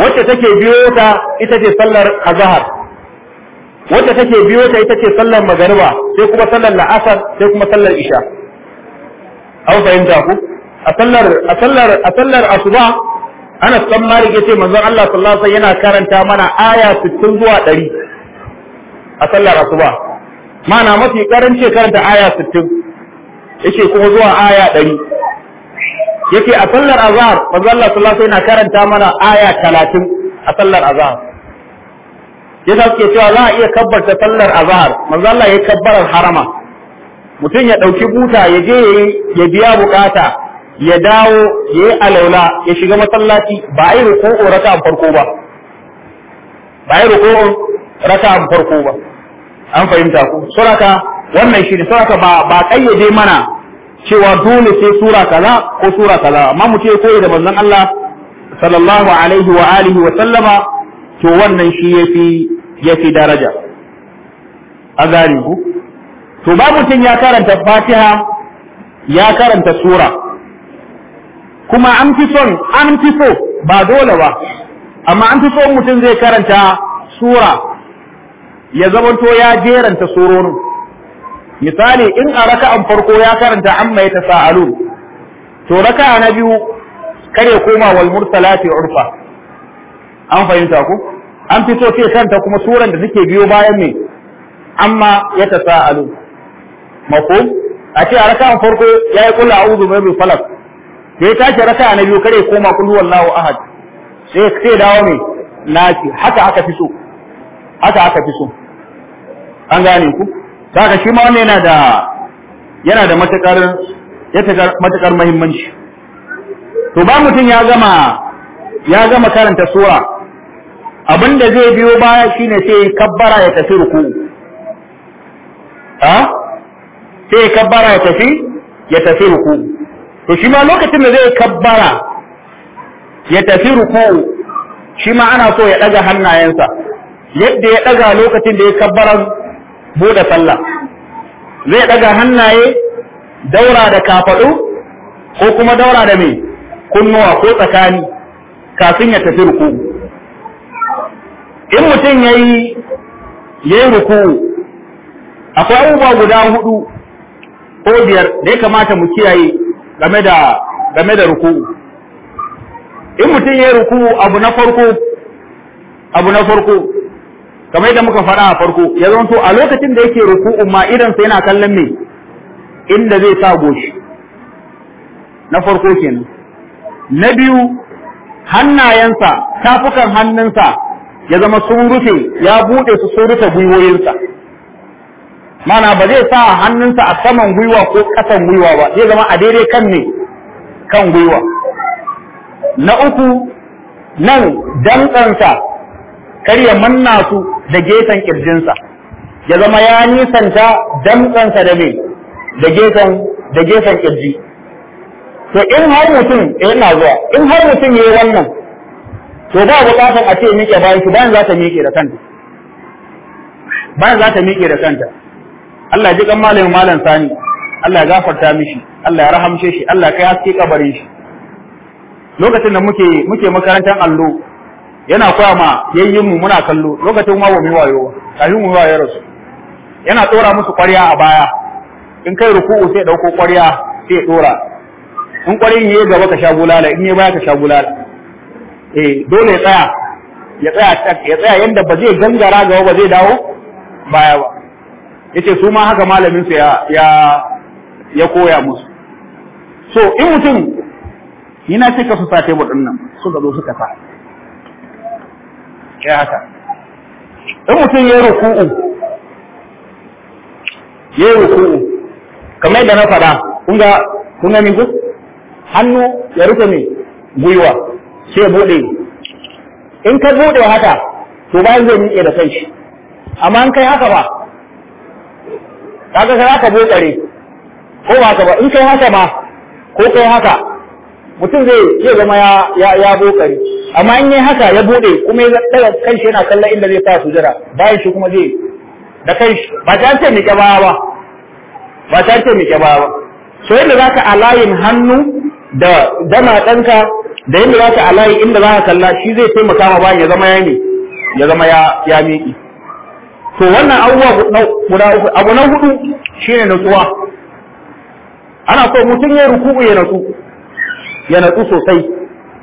wacce take biyo ta ita ce sallar azhar wacce take biyo ta ita ce sallar magariba sai kuma sallar la'asar sai kuma sallar isha an fahimta ku a sallar a sallar a sallar asuba Anas dan Malik yace manzon Allah sallallahu alaihi yana karanta mana aya 60 zuwa 100 a sallar asuba mana mafi karance karanta aya 60 yake kuma zuwa aya 100 yake a sallar azhar manzon Allah sallallahu alaihi yana karanta mana aya 30 a sallar azhar yasa suke cewa za a iya kabbarta sallar azhar manzon Allah ya kabbarar harama mutum ya ɗauki buta ya je ya biya bukata ya dawo ya yi alaula ya shiga masallaci ba a yi ruku'u an farko ba ba a yi ruku'u an farko ba an fahimta ku suraka wannan shi ne suraka ba ba kayyade mana cewa dole sai sura kaza ko sura kaza amma mu ce koyi da manzon Allah sallallahu alaihi wa alihi wa sallama to wannan shi yafi yafi daraja a gane ku to babu mutum ya karanta fatiha ya karanta sura kuma an fi son an fi so ba dole ba amma an fi so mutum zai karanta sura ya zamanto ya jeranta surorin misali in a raka'an farko ya karanta amma ya tasa'alun to raka'a na biyu kare koma wal mursalati urfa an fahimta ku an fi so sai kanta kuma suran da suke biyo bayan me amma ya tasa'alun mako a ce a raka'an farko ya yi kula a uzu mai falak da ya tashi raka'a na biyu kare koma kul wallahu ahad sai sai dawo ne naci haka aka fi so haka aka fi so an gane ku saka shi ma wannan yana da yana da matakar matakar muhimmanci to ba mutum ya gama ya gama karanta sura abinda zai biyo baya shine sai kabbara ya tafi ruku ha ah? sai ya kabbara ya tafi ya tafi ruku to shi ma lokacin da zai kabbara ya tafi ruku shi ma ana so ya daga hannayensa yadda ya daga lokacin da ya kabbara bude sallah zai daga hannaye daura da kafadu ko kuma daura da mai kunnuwa ko tsakani kafin ya tafi ruku in mutum yayi yayi ruku akwai abubuwa guda hudu ko biyar da ya kamata mu kiyaye game da game da ruku'u in mutum ya ruku'u abu na farko abu na farko kamar yadda muka faɗa a farko ya zanto a lokacin da yake ruku'u ma idan sai yana kallon me inda zai sa goshi na farko kenan na biyu hannayensa tafukan hannunsa ya zama sun rufe ya buɗe su sun rufe gwiwoyinsa mana ba zai sa hannunsa a saman gwiwa ko ƙasan gwiwa ba zai zama a daidai kan ne kan gwiwa na uku nan dantsansa karya manna su da gefen kirjinsa ya zama ya nisanta dantsansa da me da gefen da gefen kirji to in har mutum yana eh, zuwa in har mutum yayi wannan to ba buƙatar a ce miƙe bayan shi bayan za ta miƙe da kanta bayan za ta miƙe da kanta Allah ji kan malamin malam sani Allah ya gafarta mishi Allah ya rahamshe shi Allah kai haske kabarin shi lokacin da muke muke makarantar allo yana koya ma yayyin mu muna kallo lokacin wawo mai wayo kafin mu wayo rasu yana tsora musu ƙwarya a baya in kai ruku'u sai dauko ƙwarya sai tsora in ƙwarin yayi gaba ka sha bulala in yayi baya ka sha bulala eh dole ya tsaya ya tsaya ya tsaya yanda ba zai gangara gaba ba zai dawo baya ba yace su ma haka malamin sa ya ya ya koya musu so in mutum yana cika su sa tebur din nan suka zo suka sa ya haka in mutum ya ruku'u ya ruku'u kamar yadda na faɗa kun ga kun ga min hannu ya rufe ne gwiwa sai bude in ka bude haka to bayan zai miƙe da kai shi amma in kai haka ba kaga sai ka bokare ko ba ka ba in kai haka ma ko kai haka mutum zai iya zama ya ya ya bokare amma in yi haka ya bude kuma ya daga kanshi yana kallon inda zai sa sujada bayan shi kuma zai da kanshi ba ta ce mike baya ba ba ta ce mike baya ba so yadda zaka alayin hannu da dama ɗanka da yadda zaka alayin inda za ka kalla shi zai taimaka ma bayan ya zama ya ne ya zama ya ya miƙi to wannan abubuwa guda uku abu na hudu shine nutsuwa ana so mutum ya ruku'u ya natsu ya natsu sosai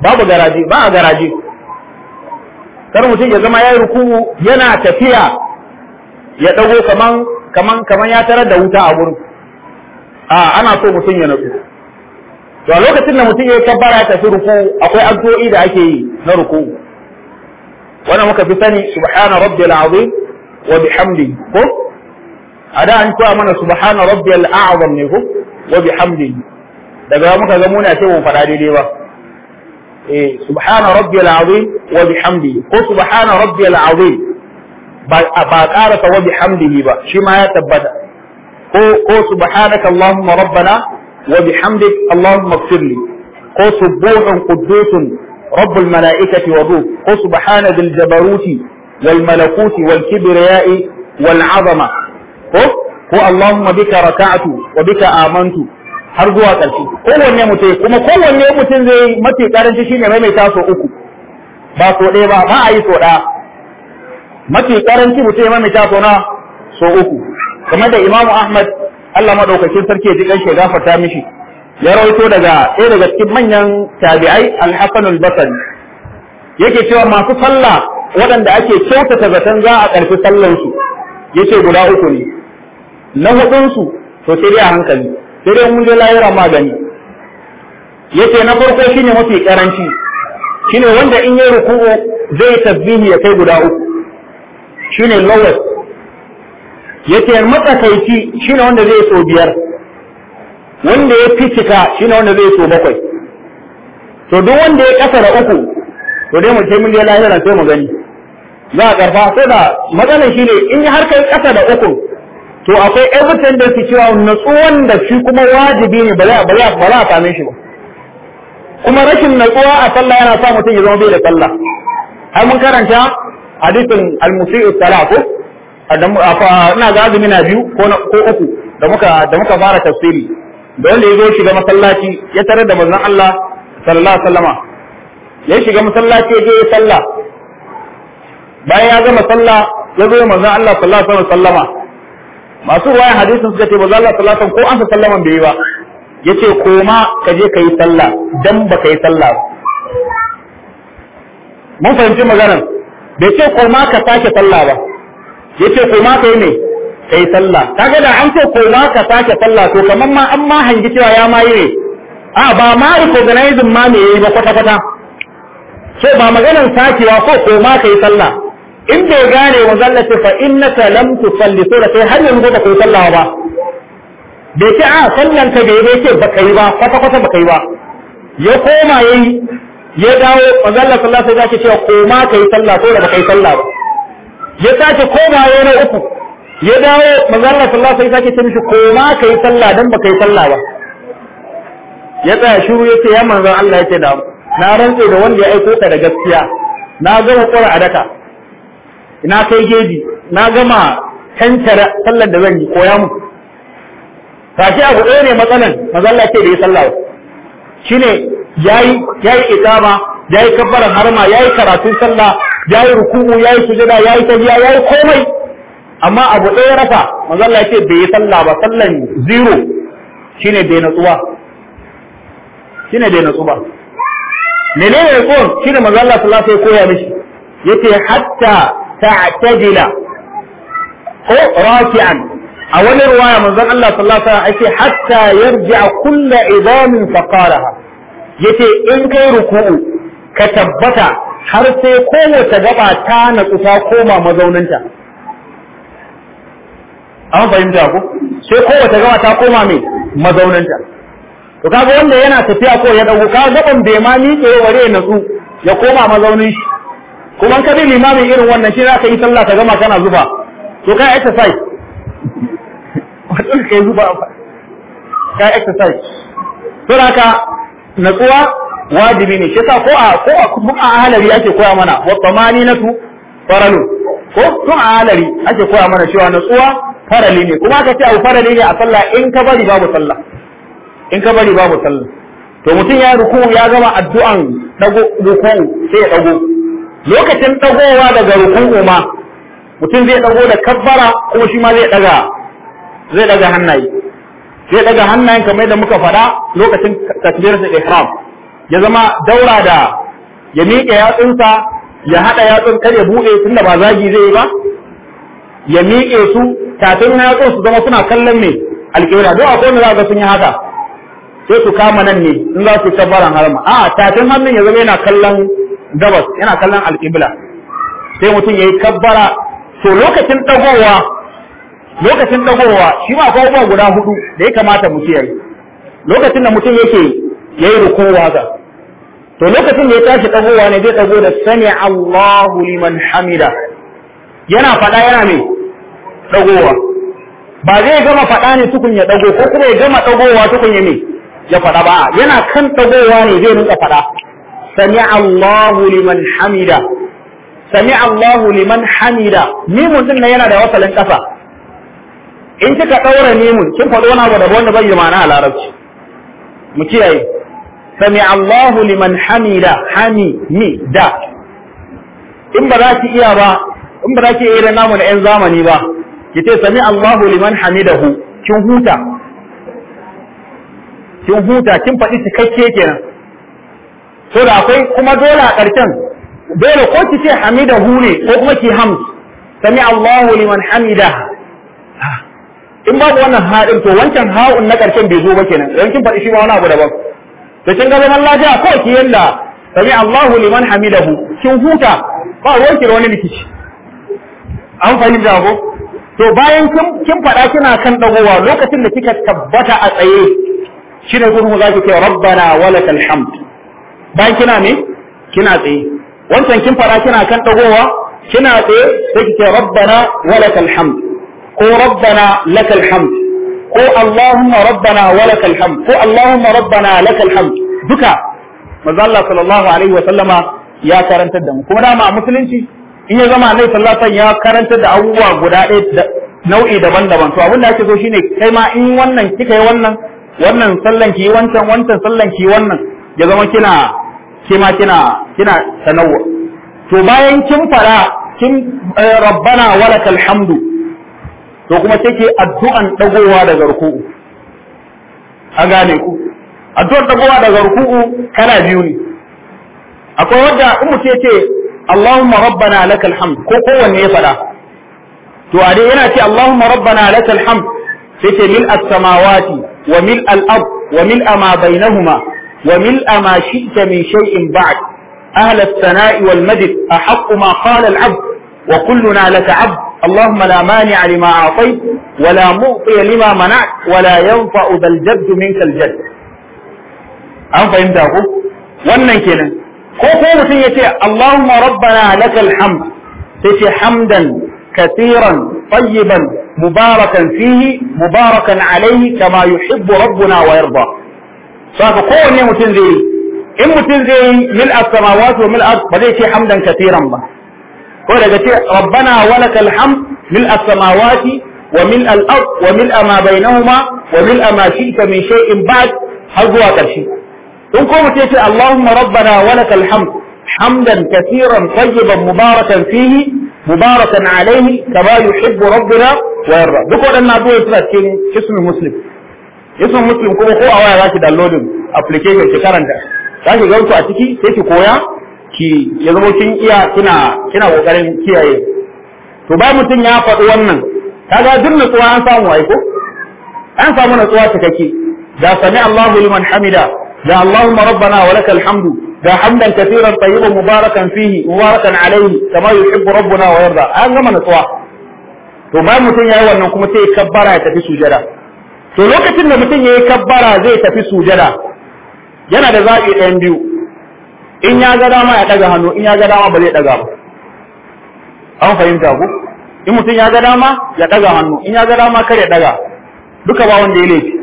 babu garaje ba a garaje kar mutum ya zama ya yi ruku'u yana tafiya ya dago kaman kaman kaman ya tarar da wuta a gurin a ana so mutum ya natsu to a lokacin da mutum ya yi kabbara ya tafi ruku'u akwai addu'o'i da ake yi na ruku'u wannan muka fi sani subhana rabbil azim وبحمده كم أدا أن تؤمن سبحان ربي الأعظم نكم وبحمده دقا متقمون أتوه فلادي ديبا إيه سبحان ربي العظيم وبحمده كم سبحان ربي العظيم بعد آرث وبحمده با شما يتبدأ قو سبحانك اللهم ربنا وبحمدك اللهم اغفر لي قو سبوح قدوس رب الملائكة وضوء قو سبحان ذي الجبروت wal malakuti wal kibriyai wal azama ko ko Allahumma bika raka'tu wa amantu har zuwa ƙarshe kowanne mutum kuma kowanne mutum zai mafi karanci shine maimaita so uku ba so ɗaya ba ba a yi so ɗaya mafi ƙaranci mutum ya maimaita so na so uku kamar da Imam Ahmad Allah madaukakin sarki ya ji kanshi ya gafarta mishi ya rawaito daga ɗaya daga cikin manyan tabi'ai al-Hasan al-Basri yake cewa masu sallah waɗanda ake kyautata zaton za a ƙarfi sallansu ya ce guda uku ne na hudunsu to sai dai a hankali sai dai mun je layira magani ce na farko shine mafi karanci ne wanda in yi ruku'u zai tasbihi ya kai guda uku Shi shine lowest yace matsakaici ne wanda zai so biyar wanda ya fitika ne wanda zai so bakwai to duk wanda ya kasa da uku to dai mu ce mun je lahira sai mu gani za a karfa sai da matsalar shi ne in har kai ƙasa da uku to akwai da su cewa natsuwan da shi kuma wajibi ne ba za a same shi ba kuma rashin natsuwa a sallah yana sa mutum ya zama bai da sallah har mun karanta hadisin al-musii'u salatu ina ga azumi na biyu ko uku da muka fara tafsiri da wanda ya zo shiga masallaci ya tare da manzon Allah sallallahu alaihi ya shiga masallaci ya je sallah bayan ya gama sallah ya zo manzo Allah sallallahu alaihi wasallama masu waya hadisin suka ce manzo Allah sallallahu alaihi ko an sa sallaman bai yi ba yace koma ka je kai sallah dan ba yi sallah ba mun fahimci maganar bai ce koma ka sake sallah ba yace koma kai ne kai sallah kaga da an ce koma ka sake sallah to kaman ma an ma hangi cewa ya ma yi ne a ba ma recognizing ma me yayi ba kwata kwata so ba maganar sakewa ko koma kai sallah in bai gane wa zalla in fa innaka lam tusalli sura sai har yanzu ba ku sallawa ba bai ce a ah, sallan ka bai bai ce ba kai ba kwata kwata ba kai ba ya koma yayi ya dawo manzalla sallallahu alaihi wasallam cewa koma kai sallah ko da baka yi sallah ba ya sake koma yayi na uku ya dawo manzalla sallallahu alaihi wasallam ce mishi koma kai sallah dan baka yi sallah ba ya tsaya shiru yace ya manzon Allah yake da na rantse da wanda ya aiko ka da gaskiya na gama kura a daka na kai geji na gama tantara sallar da zan yi koya mu kashi abu ɗaya ne matsalan mazalla ce da ya sallawa shine yayi yayi ikama yayi kabbaran harma yayi karatun sallah yayi ruku'u yayi sujada yayi tahiyya yayi komai amma abu ɗaya rafa mazalla ce bai yi sallah ba sallan zero shine bai natsuwa shine bai natsu ba menene natsuwar shine mazalla sallah sai koya mishi yace hatta ta'tadila ko raki'an a wani ruwaya manzon Allah sallallahu alaihi wasallam hatta yarji'a kullu idamin faqalaha yace in kai ruku'u ka tabbata har sai kowace gaba ta natsu ta koma mazauninta an fahimta ko sai kowace gaba ta koma mai to kaga wanda yana tafiya ko ya dauko ka gaban bai ma miƙe ware natsu ya koma mazaunin shi kuma ka bi limamin irin wannan shi za ka yi sallah ka gama kana zuba to kai exercise wato ka yi zuba kai exercise to haka natsuwa wajibi ne shi ko a ko a kuma a halari ake koya mana wa su faralu ko tun a halari ake koya mana cewa natsuwa farali ne kuma aka ce abu farali ne a sallah in ka bari babu sallah in ka bari babu sallah to mutum ya ruku ya gama addu'an dago ruku sai ya dago lokacin dagowa daga ruku'u ma mutum zai dago da kabbara ko shi ma zai daga zai daga hannaye zai daga hannayen kamar da muka faɗa lokacin da ihram ya zama daura da ya miƙe yatsunsa ya haɗa yatsun kar ya buɗe tunda ba zagi zai yi ba ya miƙe su tafin yatsun su zama suna kallon me alƙibla duk akwai wanda za ga sun yi haka sai su kama nan ne in za su yi kabbaran harma A'a tafin hannun ya zama yana kallon gabas yana kallon alƙibla sai mutum ya yi kabbara to lokacin ɗagowa lokacin ɗagowa shi ma akwai abubuwa guda hudu da ya kamata mu kiyaye lokacin da mutum yake yi rukuwa ga to lokacin da ya tashi ɗagowa ne zai ɗago da sani, Allahu liman hamida yana fada yana mai ɗagowa, ba zai gama fada ne tukun ya ɗago, ko kuma ya gama ɗagowa tukun ya mai ya fada ba yana kan ɗagowa ne zai rinka fada sami'a Allahu liman hamida sami'a Allahu liman hamida mimun din yana da wasalin kafa in kika daura mimun kin faɗo na abu da wanda bai yi ma'ana a larabci mu kiyaye sami'a Allahu liman hamida hami mi da in ba za ki iya ba in ba za ki iya namu na 'yan zamani ba ki ce sami Allahu liman hamidahu kin huta kin huta kin faɗi cikakke kenan so da akwai kuma dole a ƙarshen dole ko ki ce hu ne ko kuma ki hamd sami Allahu liman hamida in babu wannan haɗin to wancan ha'un na ƙarshen bai zo ba kenan don kin faɗi shi ma wani abu daban to kin ga zaman lafiya ko ki yalla sami Allahu liman hamidahu kin huta ba ruwan ki wani rikici an fahimta ko to bayan kin faɗa kina kan dagowa lokacin da kika tabbata a tsaye shi shine gurin zaki ce rabbana walakal hamd bayan kina ne kina tsaye wancan kin fara kina kan dagowa kina tsaye sai ki ce rabbana walakal hamd ko rabbana lakal hamd ko allahumma rabbana walakal hamd ko allahumma rabbana lakal hamd duka manzo Allah sallallahu alaihi wa sallama ya karantar da mu kuma dama a musulunci in ya zama annabi sallallahu alaihi ya karantar da abubuwa guda ɗaya nau'i daban-daban to abin da ake so shine kai ma in wannan kika yi wannan wannan sallan ki wancan wancan sallan ki wannan ya zama kina ke ma kina kina sanawa to bayan kin fara kin eh, rabbana walakal hamdu to kuma sai ke addu'an dagowa daga ruku'u a gane ku Addu'an dagowa daga ruku'u kana biyu ne akwai wadda in mutum ce, Allahumma rabbana lakal hamd ko kowanne ya fada to a dai yana ce Allahumma rabbana lakal hamd sai ce mil as-samawati wa mil al-ard wa mil ma bainahuma وملء ما شئت من شيء بعد أهل الثناء والمدد أحق ما قال العبد وكلنا لك عبد اللهم لا مانع لما أعطيت ولا معطي لما منعت ولا ينفأ ذا الجد منك الجد أنفع يمتعه وأنا كنا قفوا اللهم ربنا لك الحمد تتي حمدا كثيرا طيبا مباركا فيه مباركا عليه كما يحب ربنا ويرضى. saka kowanne mutum zai yi in mutum zai yi mil as-samawati wa mil ard ba zai ce hamdan katiran ba ko daga ce rabbana walakal hamd mil as-samawati wa mil al-ard wa mil ma bainahuma wa mil ma shi'ta min shay'in ba'd har zuwa karshe in ko mutum ce allahumma rabbana walakal hamd hamdan katiran tayyiban mubarakan fihi mubarakan alaihi kama yuhibbu rabbuna wa yarda duk waɗannan abubuwa suna cikin ismul muslim isin muslim kuma ko a waya za ki downloading application ki karanta za ki gautu a ciki sai ki koya ki ya zama kin iya kina kina kokarin kiyaye to ba mutum ya faɗi wannan kaga duk natsuwa an samu ai ko an samu natsuwa cikakke da sami Allahu liman hamida da Allahumma rabbana wa lakal hamdu da hamdan katiran tayyiban mubarakan fihi mubarakan alayhi kama yuhibbu rabbuna wa yarda an gama nutsuwa. to ba mutum ya yi wannan kuma sai kabbara ya tafi sujada to lokacin da mutum ya yi kabbara zai tafi sujada yana da zaɓi ɗayan biyu in ya ga dama ya ɗaga hannu in ya ga dama ba zai ɗaga ba an fahimta ku in mutum ya ga dama ya ɗaga hannu in ya ga dama kar ya ɗaga duka ba wanda ya laifi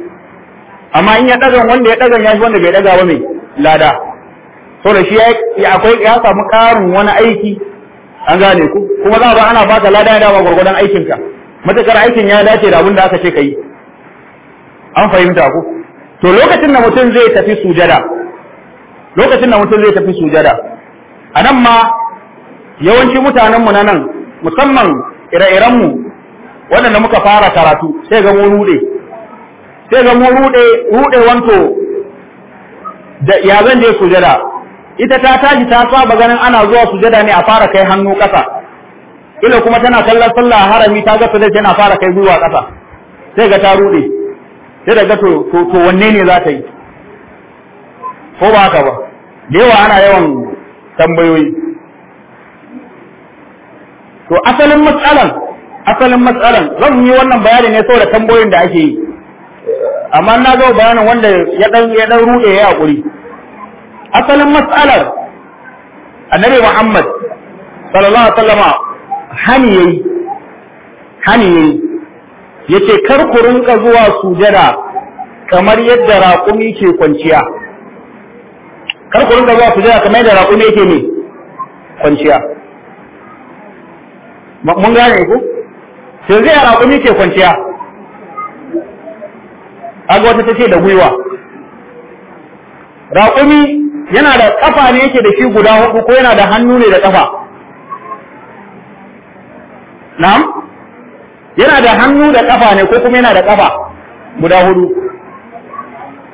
amma in ya ɗaga wanda ya ɗaga ya shi wanda bai ɗaga ba mai lada saboda shi ya akwai ya samu ƙarin wani aiki an gane ku kuma za a ba ana baka lada ya dama gwargwadon aikinka matakar aikin ya dace da abin da aka ce ka yi an fahimta ku to lokacin da mutum zai tafi sujada lokacin da mutum zai tafi sujada a nan ma yawanci mutanenmu na nan musamman ire mu waɗanda muka fara karatu sai ga mun rude sai ga mun rude rude wanto da ya zan je sujada ita ta tashi ta saba ganin ana zuwa sujada ne a fara kai hannu ƙasa ila kuma tana kallon sallah harami ta ga sujada tana fara kai zuwa ƙasa sai ga ta rude sai daga to wanne ne za ta yi ko ba haka ba da yawa ana yawan tambayoyi to asalin matsalan asalin matsalan zan yi wannan bayani ne saboda tambayoyin da ake yi amma na zo bayanin wanda ya dan ya dan ruɗe ya hakuri asalin matsalar annabi Muhammad sallallahu alaihi wasallam hani yayi hani yayi yace kar ku rinka zuwa sujada kamar yadda raƙumi ke kwanciya kar ku rinka zuwa sujada kamar yadda raƙumi yake ne kwanciya mun gane ku sai zai raƙumi ke kwanciya aga wata tace da gwiwa raƙumi yana da kafa ne yake da shi guda hudu ko yana da hannu ne da kafa na'am yana da hannu da kafa ne ko kuma yana da kafa guda hudu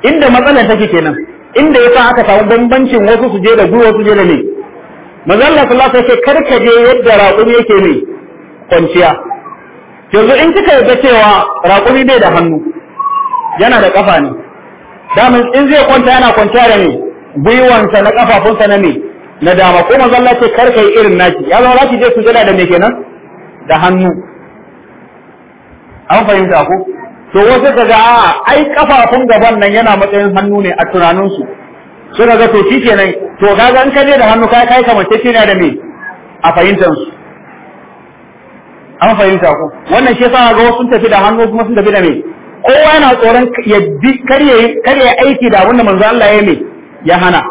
inda matsalar take kenan inda yasa aka samu bambancin wasu su je da gwiwa wasu je da ne mazalla sallallahu alaihi wasallam kar ka je yadda raƙumi yake ne kwanciya yanzu in kika yadda cewa raƙumi bai da hannu yana da kafa ne damin in zai kwanta yana kwanciya da ne gwiwansa na kafafunsa na ne na dama ko mazalla sai kar ka yi irin naki ya zama za ki je su jira da me kenan da hannu an fahimta ko to wasu ka ga ai kafafun gaban nan yana matsayin hannu ne a tunaninsu suka ga to shi kenan to kaga in an je da hannu kai kai kamar ne da me a fahimtansu an fahimta ko wannan shi yasa ga wasu sun tafi da hannu kuma sun tafi da me kowa yana tsoron ya bi karye kare aiki da abin da manzo Allah ya me ya hana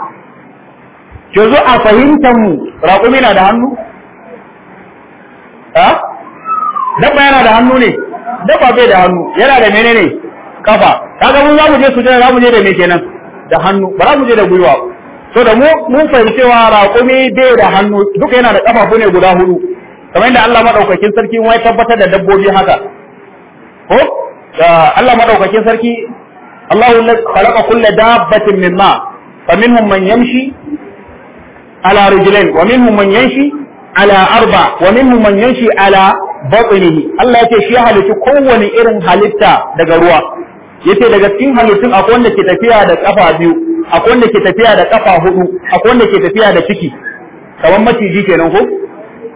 yanzu a fahimtar mu raƙumi na da hannu ha ah? dabba yana da hannu ne dafa bai da hannu yana da menene kafa kaga mun za mu je sujada za mu je da me kenan da hannu ba za mu je da gwiwa so da mu mun fahimcewa raƙumi bai da hannu duka yana da kafafu ne guda hudu kamar yadda Allah madaukakin sarki wai tabbatar da dabbobi haka ko Allah madaukakin sarki Allahu khalaqa kulla dabbatin mimma faminhum man yamshi ala rijlain wa minhum man yamshi ala arba wa minhum man yamshi ala batnihi Allah ya ce shi ya halitta kowane irin halitta daga ruwa yace daga cikin halittun akwai wanda ke tafiya da kafa biyu akwai wanda ke tafiya da kafa hudu akwai wanda ke tafiya da ciki kamar maciji kenan ko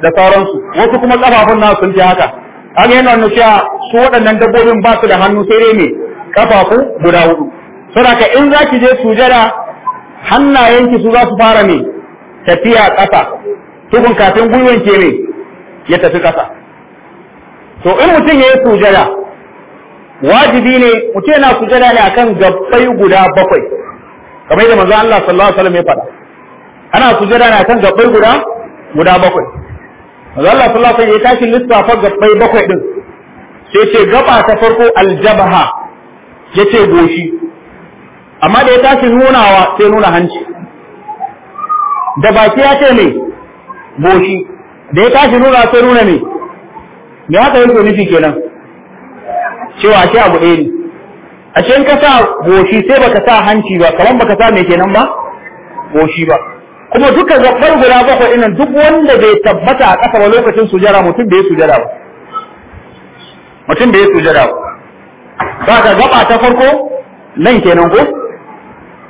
da sauransu wasu kuma kafafun nasu sun ji haka kaga yana nuna cewa su waɗannan dabbobin ba su da hannu sai dai ne kafafu guda hudu saboda in za ki je sujada hannayenki su za su fara ne tafiya ƙasa tukun kafin gwiwan ke ne ya tafi ƙasa to in mutum ya yi sujada wajibi ne mutum yana sujada ne akan gabbai guda bakwai kamar yadda manzo Allah sallallahu alaihi wasallam ya faɗa ana sujada ne akan gabbai guda guda bakwai manzo Allah sallallahu alaihi wasallam ya tashi lissafa gabbai bakwai din sai ce gaba ta farko aljabha yace goshi amma da ya tashi nunawa sai nuna hanci da baki ya ce ne goshi da ya tashi nuna sai nuna ne me haka yake nufi kenan cewa ashe abu ɗaya ne ashe in ka sa goshi sai baka sa hanci ba kamar baka sa me kenan ba goshi ba kuma duka gaban guda bakwai ɗin duk wanda bai tabbata a ƙasa ba lokacin sujara mutum bai sujara ba mutum bai sujara ba ka gaba ta farko nan kenan ko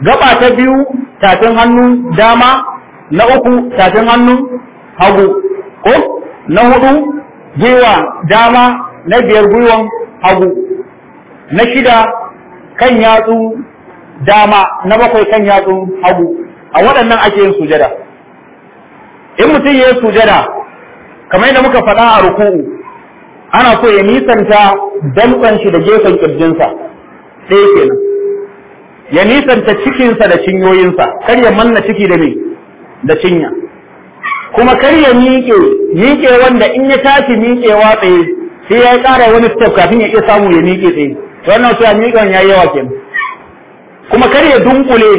gaba ta biyu tafin hannu dama na uku tafin hannun hagu ko na hudu gwiwa dama na biyar gwiwan hagu na shida kan yatsu dama na bakwai kan yatsu hagu a waɗannan ake yin sujada in mutum ya yi sujada kamar yadda muka faɗa a ruku'u ana so ya nisanta dantsan shi da gefen kirjinsa ɗaya kenan ya nisanta cikinsa da cinyoyinsa kar ya manna ciki da me da cinya kuma kar ya miƙe miƙe wanda in ya tashi miƙewa tsaye sai ya ƙara wani step kafin ya iya samu ya miƙe tsaye wannan su ya miƙe ya yawa kenan kuma kar ya dunkule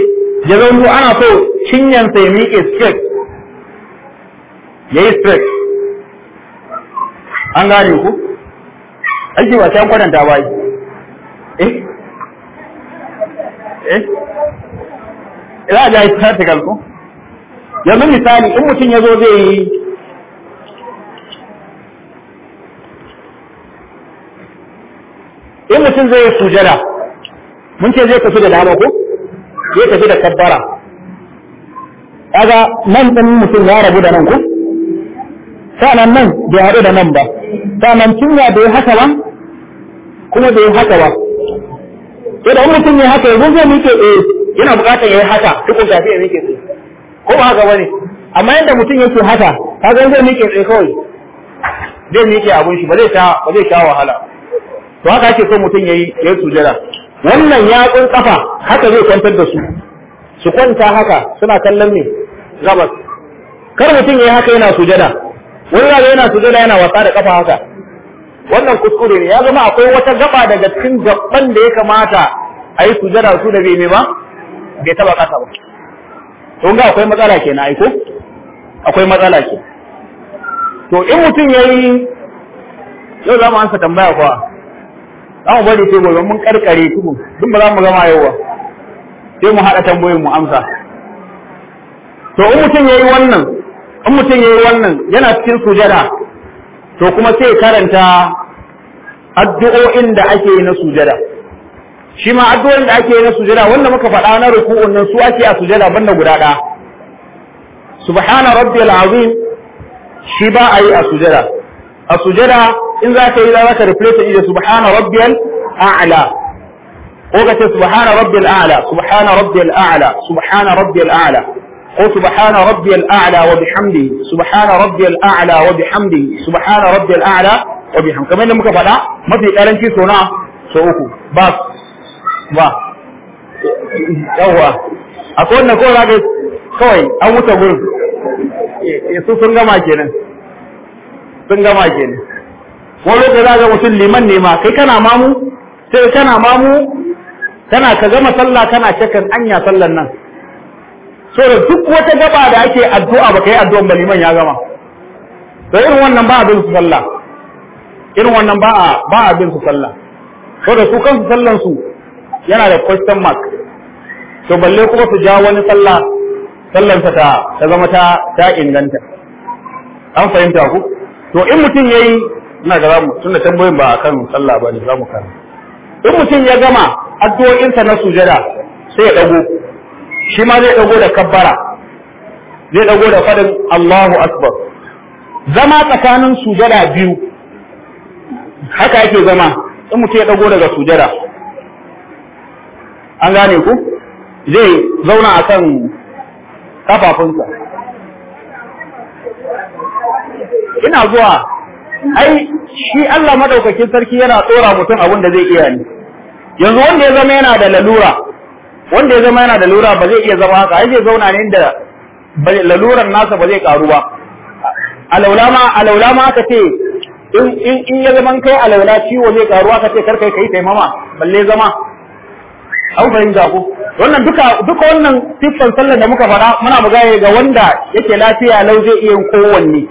ya zama ana so cinyansa ya miƙe step, ya yi step. an gane ku aiki ba sai an kwadanta ba eh eh ila da practical ko yanzu misali in mutum ya zo zai yi in mutum zai yi sujada mun ce zai tafi da dama ko zai tafi da kabbara kaga nan ɗin mutum ya rabu da nan ko sa'an nan bai haɗu da nan ba sa'an cinya bai haka ba kuma bai haka ba sai da mutum ya haka yanzu zai mike eh yana buƙatar ya yi haka duk tafi ya mike ko ba haka bane amma yanda mutum yake haka kaga zai miƙe tsaye kawai zai miƙe abun shi ba zai sha ba zai sha wahala to haka yake so mutum yayi yayi sujada wannan yatsun kafa haka zai kwantar da su su kwanta haka suna kallon ne gabas kar mutum yayi haka yana sujada wani yaga yana sujada yana wasa da kafa haka wannan kuskure ne ya zama akwai wata gaba daga cikin gaban da ya kamata a yi sujada su da bai ba bai taba kasa ba kun ga akwai matsala ke na aiko akwai matsala ke to in mutum ya yi yau za mu ansa tambaya kuwa za mu bari sai gobe mun karkare tukun duk ba za mu gama yau ba sai mu haɗa tambayoyin mu amsa to in mutum yi wannan in mutum yi wannan yana cikin sujada to kuma sai karanta addu'o'in da ake yi na sujada shi ma addu'o'in da ake yi na sujada wanda muka faɗa na ruku'un nan su ake a sujada banda guda ɗaya subhana rabbiyal azim shi ba a yi a sujada a sujada in za ka yi za ka replace ida subhana rabbiyal a'la ko ka ce subhana rabbiyal a'la subhana rabbiyal a'la subhana rabbiyal a'la ko subhana rabbiyal a'la wa bihamdihi subhana rabbiyal a'la wa bihamdihi subhana rabbiyal a'la wa bihamdihi kamar yadda muka faɗa mafi karanci sau sau uku ba su. ba yawwa akwai wannan kawai zaga kawai an wuce gurin eh, eh, su sun gama kenan sun gama kenan wani lokaci zaga mutum liman ne ma kai kana mamu sai kana mamu kana ka gama sallah kana shakkan anya sallan nan so da duk wata gaba da ake addu'a ba kai addu'an ba liman ya gama to irin wannan ba abin su sallah irin wannan ba a ba abin su sallah ko da su kansu sallan su yana da question mark to balle kuma su ja wani sallah sallansa ta ta zama ta ta inganta an fahimta ku to in mutum yayi ina ga zamu tunda tambayoyin ba akan sallah ba ne zamu kan in mutum ya gama addu'o'insa na sujada sai ya dago shi ma zai dago da kabbara zai dago da fadin Allahu akbar zama tsakanin sujada biyu haka yake zama in mutum ya dago daga sujada an gane ku zai zauna a kan kafafunsa ina zuwa ai shi Allah madaukakin sarki yana tsora mutum abin da zai iya ne yanzu wanda ya zama yana da lalura wanda ya zama yana da lalura ba zai iya zama haka ai zai zauna ne da laluran nasa ba zai karu ba alaulama alaulama aka ce in in ya zama kai alaula ciwo zai karu ka ce karkai kai taimama balle zama an fahimta ko wannan duka duka wannan siffan sallar da muka fara muna magana ga wanda yake lafiya lau zai iya kowanne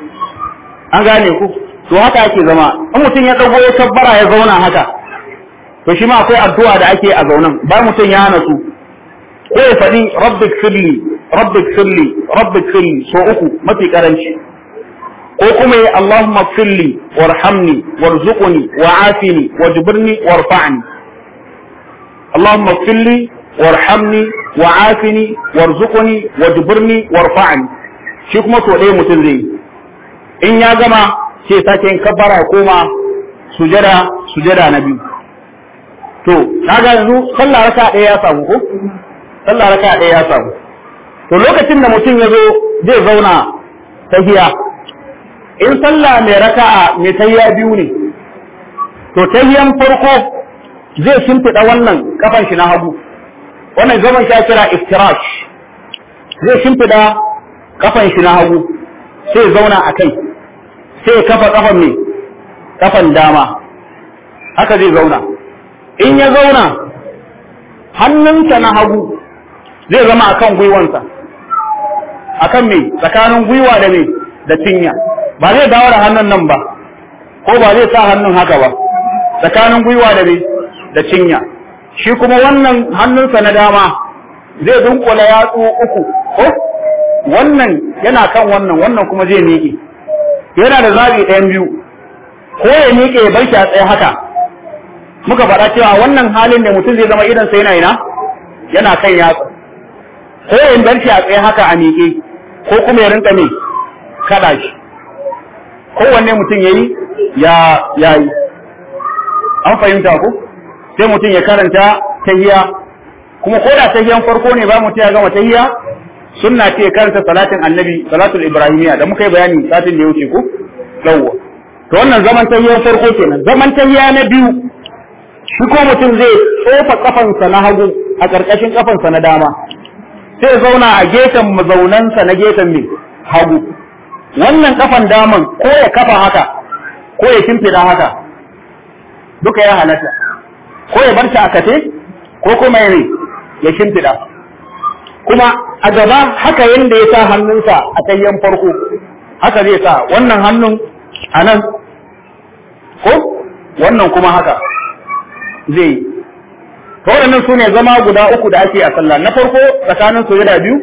an gane ku to haka ake zama in mutum ya dago ya tabbara ya zauna haka to shi ma akwai addu'a da ake a zaunan ba mutum ya nasu ko ya faɗi rabbik sirli rabbik sirli rabbik sirli so uku mafi karanci ko kuma ya Allahumma sirli warhamni warzuqni wa'afini wajbirni warfa'ni اللهم اغفر لي وارحمني وعافني وارزقني واجبرني وارفعني shi kuma so ɗaya mutum zai in ya gama sai sake yin kabbara koma sujada sujada na biyu to kaga yanzu sallah raka ya samu ko sallah raka ya samu to lokacin da mutum ya zo zai zauna tahiya in sallah mai raka'a mai biyu ne to tahiyan farko zai shimfiɗa wannan kafan shi na hagu wannan zaman shi kira iftirash zai shimfiɗa kafan shi na hagu sai zauna a kai sai kafa kafan mai kafan dama haka zai zauna in ya zauna hannunsa na hagu zai zama a kan gwiwansa A kan mai tsakanin gwiwa da mai da cinya ba zai dawo da hannun nan ba ko ba zai sa hannun haka ba tsakanin gwiwa da mai. da cinya shi kuma wannan hannunsa na dama zai dunkula yatsu uku ko wannan yana kan wannan wannan kuma zai miƙe yana da zabi ɗayan biyu ko ya miƙe ya bar shi a tsaye haka muka faɗa cewa wannan halin da mutum zai zama idan sai yana ina yana kan yatsu ko ya bar shi a tsaye haka a miƙe ko kuma ya rinka me kada shi kowanne mutum yayi ya yayi an fahimta ko sai mutum ya karanta ta tahiya kuma ko da ta hiyan farko ne ba mutum ya gama tahiya sunna ce karanta salatin annabi salatul ibrahimiya da muka yi bayani satin da ya wuce ku yawwa to wannan zaman ta tahiyan farko kenan zaman ta tahiya na biyu shi ko mutum zai tsofa kafansa na hagu a ƙarƙashin kafansa na dama sai zauna a gefen mazaunansa na gefen mai hagu wannan kafan daman ko ya kafa haka ko ya kimfida haka duka ya halatta ko ya ta a kate ko kuma ya ya shimfiɗa kuma a gaba haka yadda ya sa hannunsa a tayyan farko haka zai sa wannan hannun a nan ko wannan kuma haka zai yi to waɗannan su ne zama guda uku da ake a sallah na farko tsakanin sujada biyu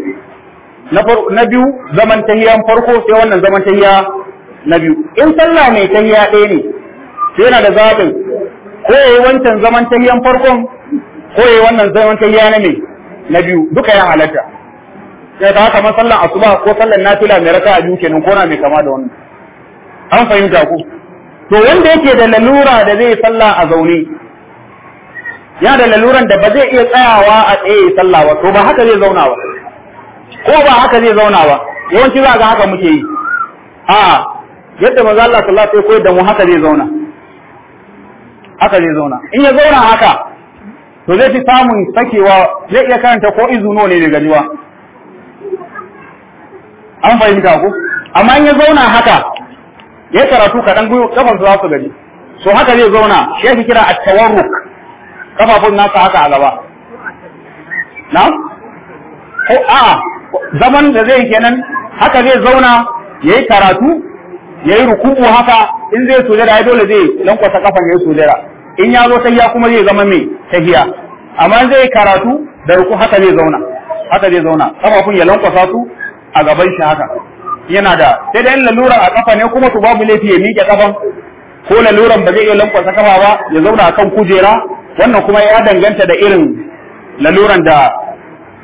na biyu zaman tahiya farko sai wannan zaman tahiya na biyu in sallah mai tahiya ɗaya ne sai yana da zaɓin ko yayi wancan zaman tahiyan farkon ko yayi wannan zaman tahiya na me na biyu duka ya halatta sai da haka masallan asuba ko sallan nafila mai raka'a biyu kenan ko na mai kama da wannan an fahimta ku to wanda yake da lalura da zai sallah a zaune ya da laluran da ba zai iya tsayawa a tsaye ya salla ba to ba haka zai zauna ba ko ba haka zai zauna ba yawanci za ga haka muke yi a yadda maza Allah sallallahu alaihi wasallam ya koyar da mu haka zai zauna haka zai zauna in ya zauna haka to zai fi samun sakewa zai iya karanta ko izuno ne daga jiwa an fahimta ku amma in ya zauna haka ya karatu kaɗan gwiwa kafan su za su gani so haka zai zauna shi yake kira a tawarruk kafafun nasa haka a gaba na ko a zaman da zai kenan haka zai zauna ya yi karatu yayi ruku'u haka in zai sujada ai dole zai lankwasa kafan yayi sujada in ya zo sai ya kuma zai zama mai tahiya amma zai karatu da ruku haka zai zauna haka zai zauna kafafun ya lankwasa su a gaban shi haka yana da sai da laluran a kafa ne kuma to babu laifi ya miƙe kafan ko laluran ba zai iya lankwasa kafa ba ya zauna a kan kujera wannan kuma ya danganta da irin laluran da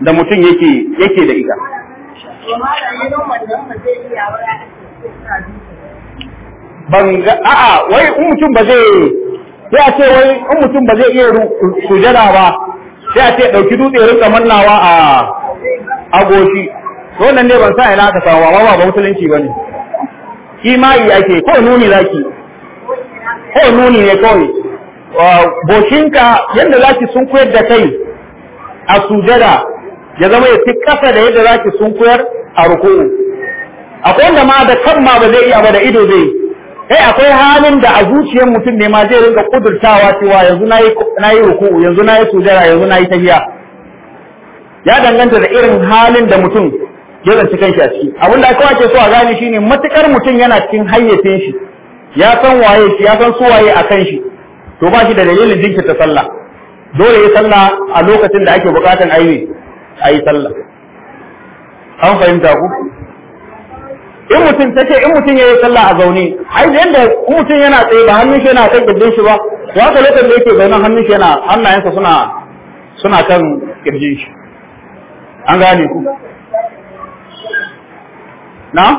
da mutum yake yake da ita ban ga a'a wai in mutum ba zai a ce wai in mutum ba zai iya sujada ba sai a ce dauki dutse rinka mannawa a agoshi wannan ne ban sa ina aka samu ba ba musulunci bane imani ake ko nuni zaki ko nuni ne kawai boshinka yadda zaki sun koyar da kai a sujada ya zama ya fi kasa da yadda zaki sun koyar a ruku'u akwai wanda ma da kan ma ba zai iya ba da ido zai kai eh, akwai halin da a zuciyar mutum ne ma zai rinka kudurtawa cewa yanzu na yi ruku'u yanzu na yi sujara yanzu na yi tahiya ya danganta da irin halin da mutum ya zanci kanshi a ciki abin da aka ke so a gane shine matukar mutum yana cikin hayyacin shi ya san waye shi ya san su waye a kan shi to ba shi da dalilin ta sallah dole ya sallah a lokacin da ake bukatan ayi ayi sallah an fahimta ku in mutum ce in mutum yi sallah a zaune ai yanda in mutum yana tsaye ba hannun shi yana kan kirjin shi ba ya haka lokacin da yake zaune hannun shi yana hannayensa suna suna kan kirjin shi an gane ku na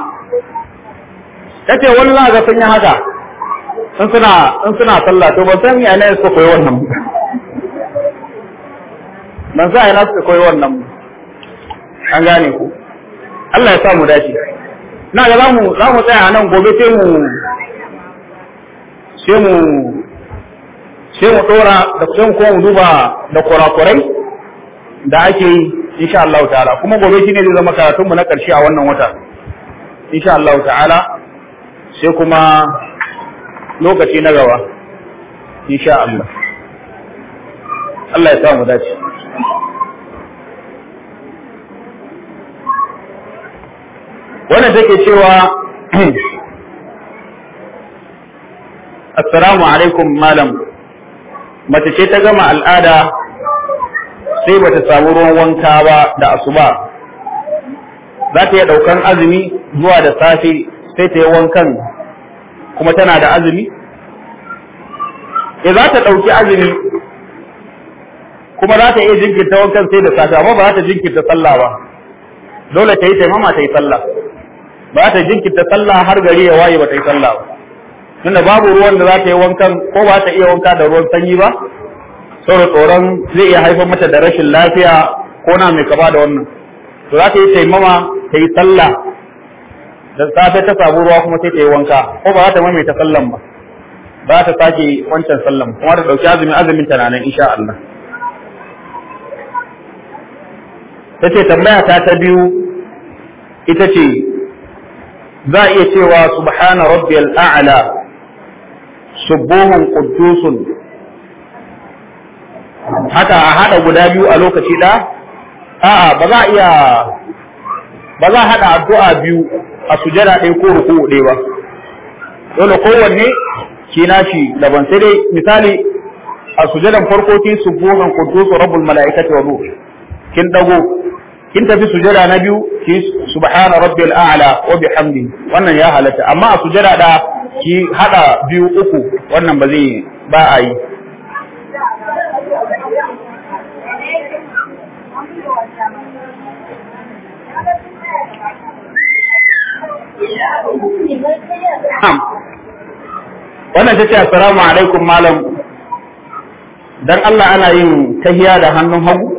ce wani za ga sun yi haka in suna in suna sallah to ban san yana suka koyi wannan ban san yana suka koyi wannan an gane ku Allah ya sa mu dace na ga zamu zamu tsaya nan gobe sai mu sai mu sai mu dora da ko mu duba da kurakurai da ake yi insha Allah ta'ala kuma gobe shine zai zama karatun mu na karshe a wannan wata insha Allah ta'ala sai kuma lokaci na gaba insha Allah Allah ya samu dace wannan take cewa assalamu alaikum malam mace ce ta gama al'ada sai bata samu ruwan wanka ba da asuba za ta iya ɗaukan azumi zuwa da safe sai ta yi wankan kuma tana da azumi ya za ta ɗauki azumi kuma za ta iya jinkirta wankan sai da safe amma ba za ta jinkirta sallah ba dole ta yi taimama ta yi sallah ba ta jinkirta sallah har gari ya waye ba ta yi sallah ba tunda babu ruwan da za ta yi wankan ko ba ta iya wanka da ruwan sanyi ba saboda tsoron zai iya haifar mata da rashin lafiya ko na mai kaba da wannan to za ta yi taimama ta yi sallah da safe ta sabu ruwa kuma sai ta yi wanka ko ba za ta ta sallan ba ba ta sake wancan sallan kuma ta dauki azumin azumin ta nan insha Allah tace tambaya ta ta biyu ita ce za a iya cewa subhana rabbiyal a'la subuhun quddusun haka a haɗa guda biyu a lokaci da a'a ba za iya ba za hada addu'a biyu a sujada ɗaya ko ruku ɗaya ba dole kowanne shi nashi daban sai dai misali a sujadan farko ki subuhun quddusun rabbul mala'ikati wa ruh kin dago kin tafi sujada na biyu ki subhana rabbil a'la wa bihamdi wannan ya halatta amma a sujada da ki hada biyu uku wannan ba zai ba a yi wannan ta ce assalamu alaikum malam dan Allah ana yin tahiya da hannun hagu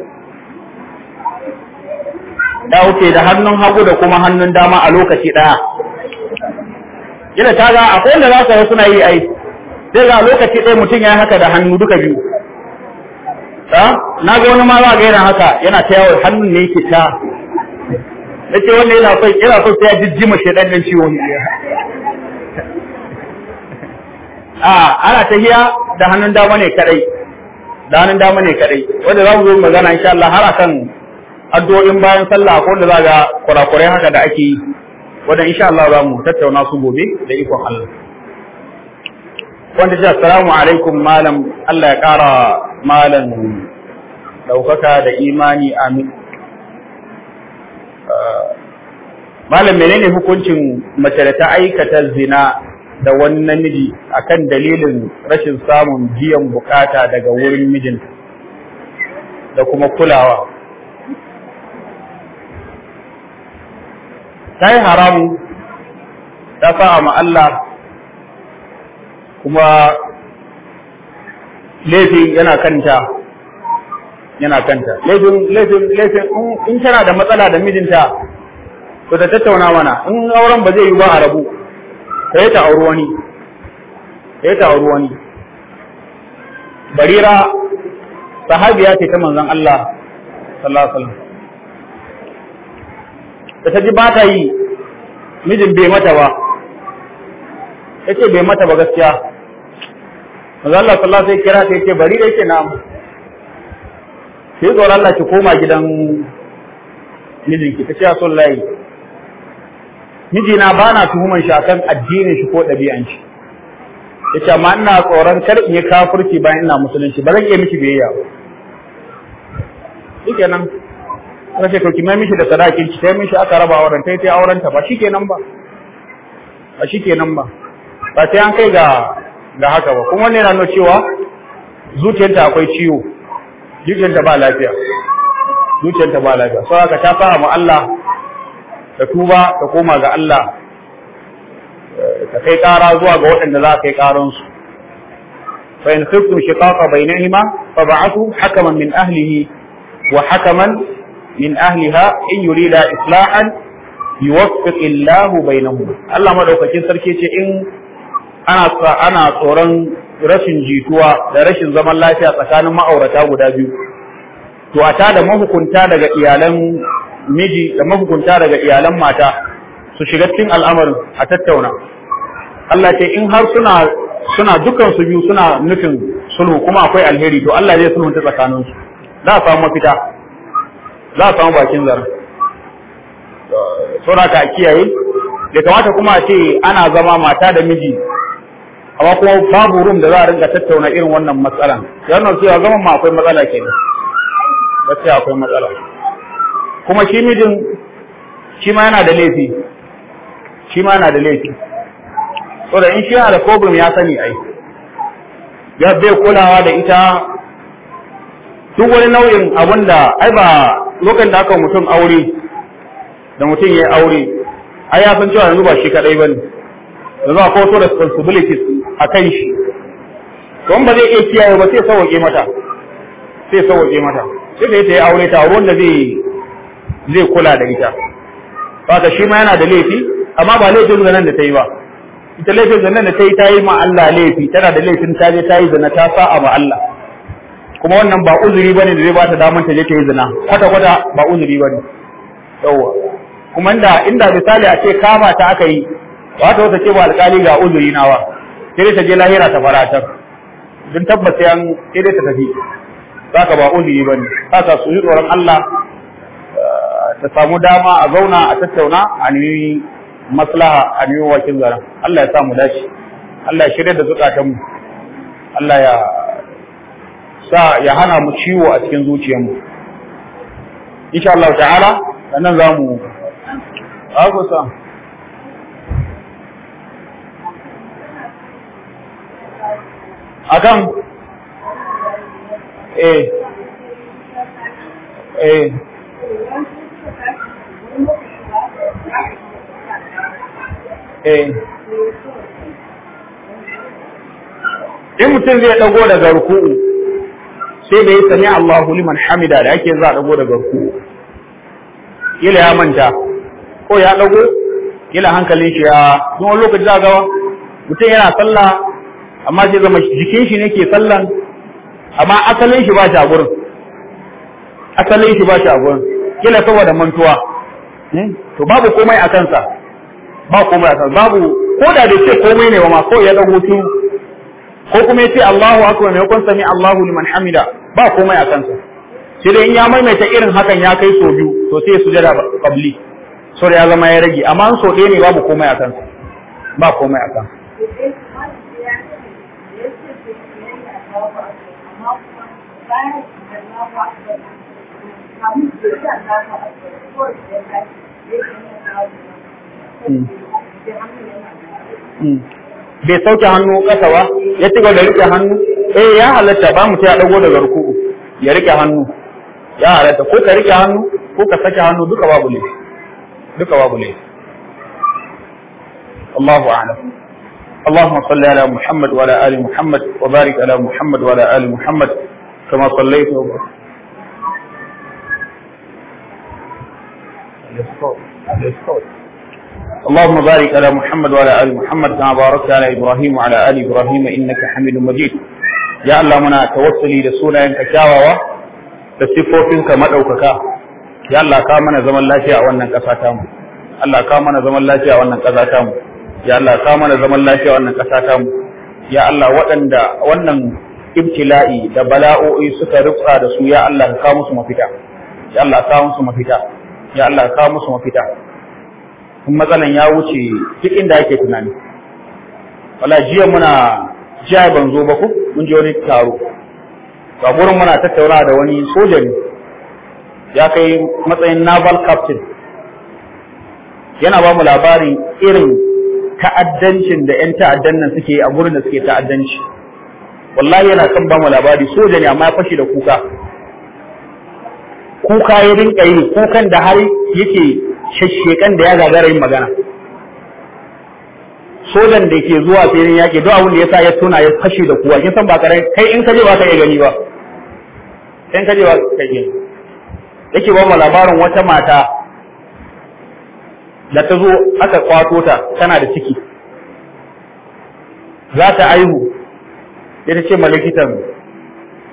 Da wuce da hannun hagu da kuma hannun dama a lokaci ɗaya ina ta ga a kowanne za su suna yi ai sai ga lokaci ɗaya mutum ya haka da hannu duka biyu ta na ga wani ma za ga yana haka yana ta yawon hannun ne yake ta na ce wanda yana son yana son sai ya jijjima shaidan nan ciwon a ana hiya da hannun dama ne kadai da hannun dama ne kadai wanda za mu zo magana insha Allah har akan addu'o'in bayan sallah ko da za ga kurakurai haka da ake yi wannan insha Allah za mu tattauna su gobe da ikon Allah wanda ce assalamu alaikum malam Allah ya kara malam daukaka da imani amin ah, malam menene hukuncin mace da ta aikata zina da wani namiji akan dalilin rashin samun biyan bukata daga wurin mijinta da kuma kulawa ta yi haramu ta sa'a ma Allah kuma laifin yana kanta yana kanta laifin laifin laifin in tana da matsala da mijinta to ta tattauna mana in auren ba zai yi ba a rabu sai ta auri wani sai ta auri wani barira sahabiya ce ta manzon Allah sallallahu alaihi wasallam da ta ji ba ta yi mijin bai mata ba ya ce bai mata ba gaskiya maza Allah sallallahu sai kira ta yake bari da yake na'am yi tsoron Allah ki koma gidan mijinki ta ce ya son layi mijina ba na tuhuman shi akan addinin shi ko ɗabi'anci, shi ya ce amma ina tsoron kar in yi bayan ina musulunci ba zan iya miki biyayya ba shikenan aka ce to ki mai mishi da sadakin ki sai mishi aka raba auren tai tai auren ta ba shikenan ba ba shikenan ba ba sai an kai ga ga haka ba kuma wannan yana nuna cewa zuciyarta akwai ciwo zuciyarta ba lafiya zuciyarta ba lafiya sai haka ta fara mu Allah ta tuba ta koma ga Allah eh, ta kai ƙara zuwa ga waɗanda za a kai ƙaransu fa in khiftum shiqaqa bainahuma fa ba'athu hakaman min ahlihi wa hakaman min ahliha in yurida islahan yuwaffiq Allahu bainahum Allah madaukakin sarki ce in ana ana tsoron rashin jituwa da rashin zaman lafiya tsakanin ma'aurata guda biyu to a ta mahukunta daga iyalan miji da mahukunta daga iyalan mata su shiga cikin al'amarin a tattauna Allah ce in har suna suna dukan su biyu suna nufin sulhu kuma akwai alheri to Allah zai sulhunta tsakaninsu za a samu mafita za a samu bakin zar saboda ka kiyaye da kamata kuma a ce ana zama mata da miji amma kuma babu rum da za a rinka tattauna irin wannan matsalan su ya zama ma akwai matsala kenan gaskiya akwai matsala kuma shi mijin shi ma yana da laifi shi ma yana da laifi saboda in shi yana da problem ya sani ai ya bai kulawa da ita duk wani nau'in abin da ai ba lokacin da aka mutum aure da mutum ya yi aure ai ya san cewa yanzu ba shi kadai ne, da za ko so responsibilities a kan shi don ba zai iya kiyaye ba sai sauke mata sai sauke mata sai da ita ya aure ta ruwan da zai zai kula da ita ba shi ma yana da laifi amma ba laifin zanen da ta yi ba ita laifin zanen da ta yi ta yi ma Allah laifi tana da laifin ta je ta yi zana ta sa'a ma Allah kuma wannan ba uzuri bane da zai ba ta damar ta je ta yi zina kwata kwata ba uzuri bane Yauwa. kuma inda inda misali a ce kama ta aka yi ba ta wata ce ba alƙali ga uzuri nawa sai ta je lahira ta faratar don tabbata yan sai ta tafi za ka ba uzuri bane Sa su yi tsoron Allah eh, ta samu dama a zauna a tattauna a nemi maslaha a nemi wakin zara Allah ya samu dace Allah ya shirya da zukatanmu Allah ya sa ya hana mu ciwo a cikin zuciyarmu insha Allah ta'ala sannan za mu sa akan eh eh eh in mutum zai ɗago daga ruku'u sai ya sami Allahu liman hamida da ake za a dago daga ku kila ya manta ko ya dago kila hankalin shi ya don wani lokaci za ga mutum yana sallah amma sai zama jikin shi ne ke sallan amma asalin shi ba shi a gurin asalin shi ba shi a gurin kila saboda mantuwa hmm? to babu komai a kansa ba komai a kansa babu ko da da ce komai ne ba ma ko ya dago ko kuma ya ce Allahu akbar mai kun sami Allahu liman hamida ba komai a kansa sai dai in ya maimaita irin hakan ya kai so biyu to sai su jira kabli so ya zama ya rage amma an so ɗaya ne babu komai a kansa ba komai a kansa hmm. Hmm. bai sauke hannu ƙasa ba ya ci da riƙe hannu eh ya halatta ba mu dago daga ya rike hannu ya halatta ko ka rike hannu ko ka sake hannu duka babu ne duka babu ne Allahu a'lam اللهم صل على محمد وعلى آل محمد وبارك على محمد وعلى آل محمد كما صليت اللهم بارك على محمد وعلى آل محمد كما باركت على إبراهيم وعلى آل إبراهيم إنك حميد مجيد ya Allah muna tawassuli da sunayenka kyawawa da siffofinka madaukaka ya Allah ka mana zaman lafiya a wannan ƙasa ta mu Allah ka mana zaman lafiya a wannan ƙasa ta mu ya Allah ka mana zaman lafiya a wannan ƙasa ta mu ya Allah waɗanda wannan ibtila'i da bala'o'i suka rufa da su ya Allah ka musu mafita ya Allah ka musu mafita ya Allah ka musu mafita kuma matsalan ya wuce duk inda ake tunani wala jiya muna jiya ban zo ba ku mun je wani taro a gurin muna tattauna da wani soja ne ya kai matsayin naval captain yana ba mu labarin irin ta'addancin da 'yan ta'addan nan suke a gurin da suke ta'addanci wallahi yana kan ba mu labari soja ne amma ya fashe da kuka kuka ya rinka yi kukan da har yake shashshekan da ya gagara yin magana sojan da ke zuwa filin yaƙi duk abin da ya sa ya tona ya fashe da kuwa kin san ba karen kai in kaje ba ka iya gani ba in kaje ba ka iya yake ba mu labarin wata mata da ta zo aka kwato ta tana da ciki za ta aihu ita ce ma likitan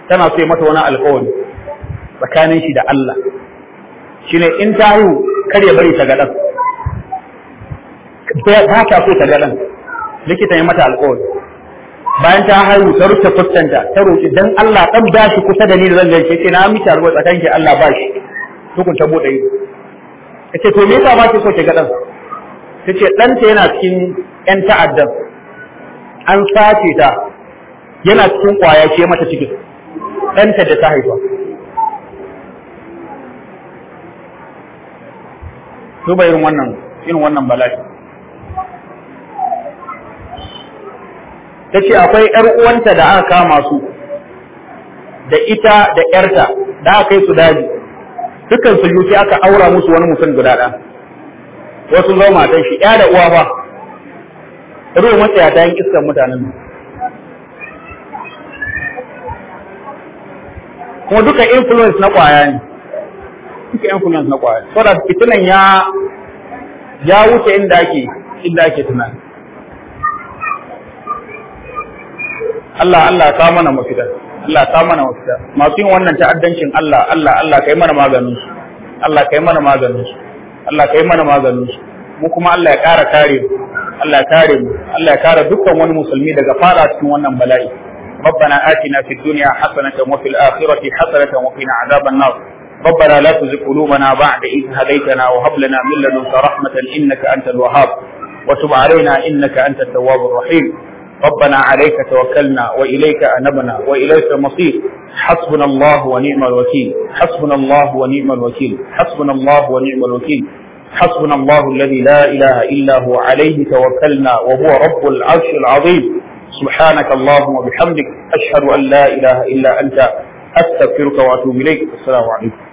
tana so mata wani alƙawari tsakanin shi da Allah shine in ta haihu kar ya bari ta ga ɗan ba ta so ta ga ɗan likita ya mata alƙawari bayan ta haihu ta rufe fuskanta ta roƙi dan Allah dan shi kusa da ni da zan gaishe ce na miki alƙawari tsakanki Allah shi tukun ta bude ido kace to me yasa ba ki so ki ga dan ce ɗanta yana cikin ƴan ta'addan an sace ta yana cikin kwaya ce mata ciki ɗanta da ta haifa duba irin wannan irin wannan bala'i ta ce akwai ‘yar uwanta da aka kama su da ita da ‘yarta da aka kai su daji dukan su yuki aka aura musu wani mutum guda ɗan wasu zama matan shi ‘ya da uwa ba ruwa matsaya ta yin iskan mutanen kuma duka influence na kwaya ne duka influence na kwaya so da fitinan ya ya wuce inda ake inda ake tunani Allah Allah ka mana mafita Allah ka mana mafita masu yin wannan ta'addancin Allah Allah Allah kai mana maganin su Allah kai mana maganin su Allah kai mana maganin su mu kuma Allah ya kara kare mu Allah ya kare mu Allah ya kara dukkan wani musulmi daga fara cikin wannan bala'i ربنا آتنا في الدنيا حسنة وفي الآخرة حسنة وقنا عذاب النار ربنا لا تزغ قلوبنا بعد إذ هديتنا وهب لنا من لدنك رحمة إنك أنت الوهاب وتب علينا إنك أنت التواب الرحيم ربنا عليك توكلنا وإليك أنبنا وإليك المصير حسبنا الله ونعم الوكيل حسبنا الله ونعم الوكيل حسبنا الله ونعم الوكيل حسبنا الله الذي لا إله إلا هو عليه توكلنا وهو رب العرش العظيم سبحانك اللهم وبحمدك أشهد أن لا إله إلا أنت أستغفرك وأتوب إليك السلام عليكم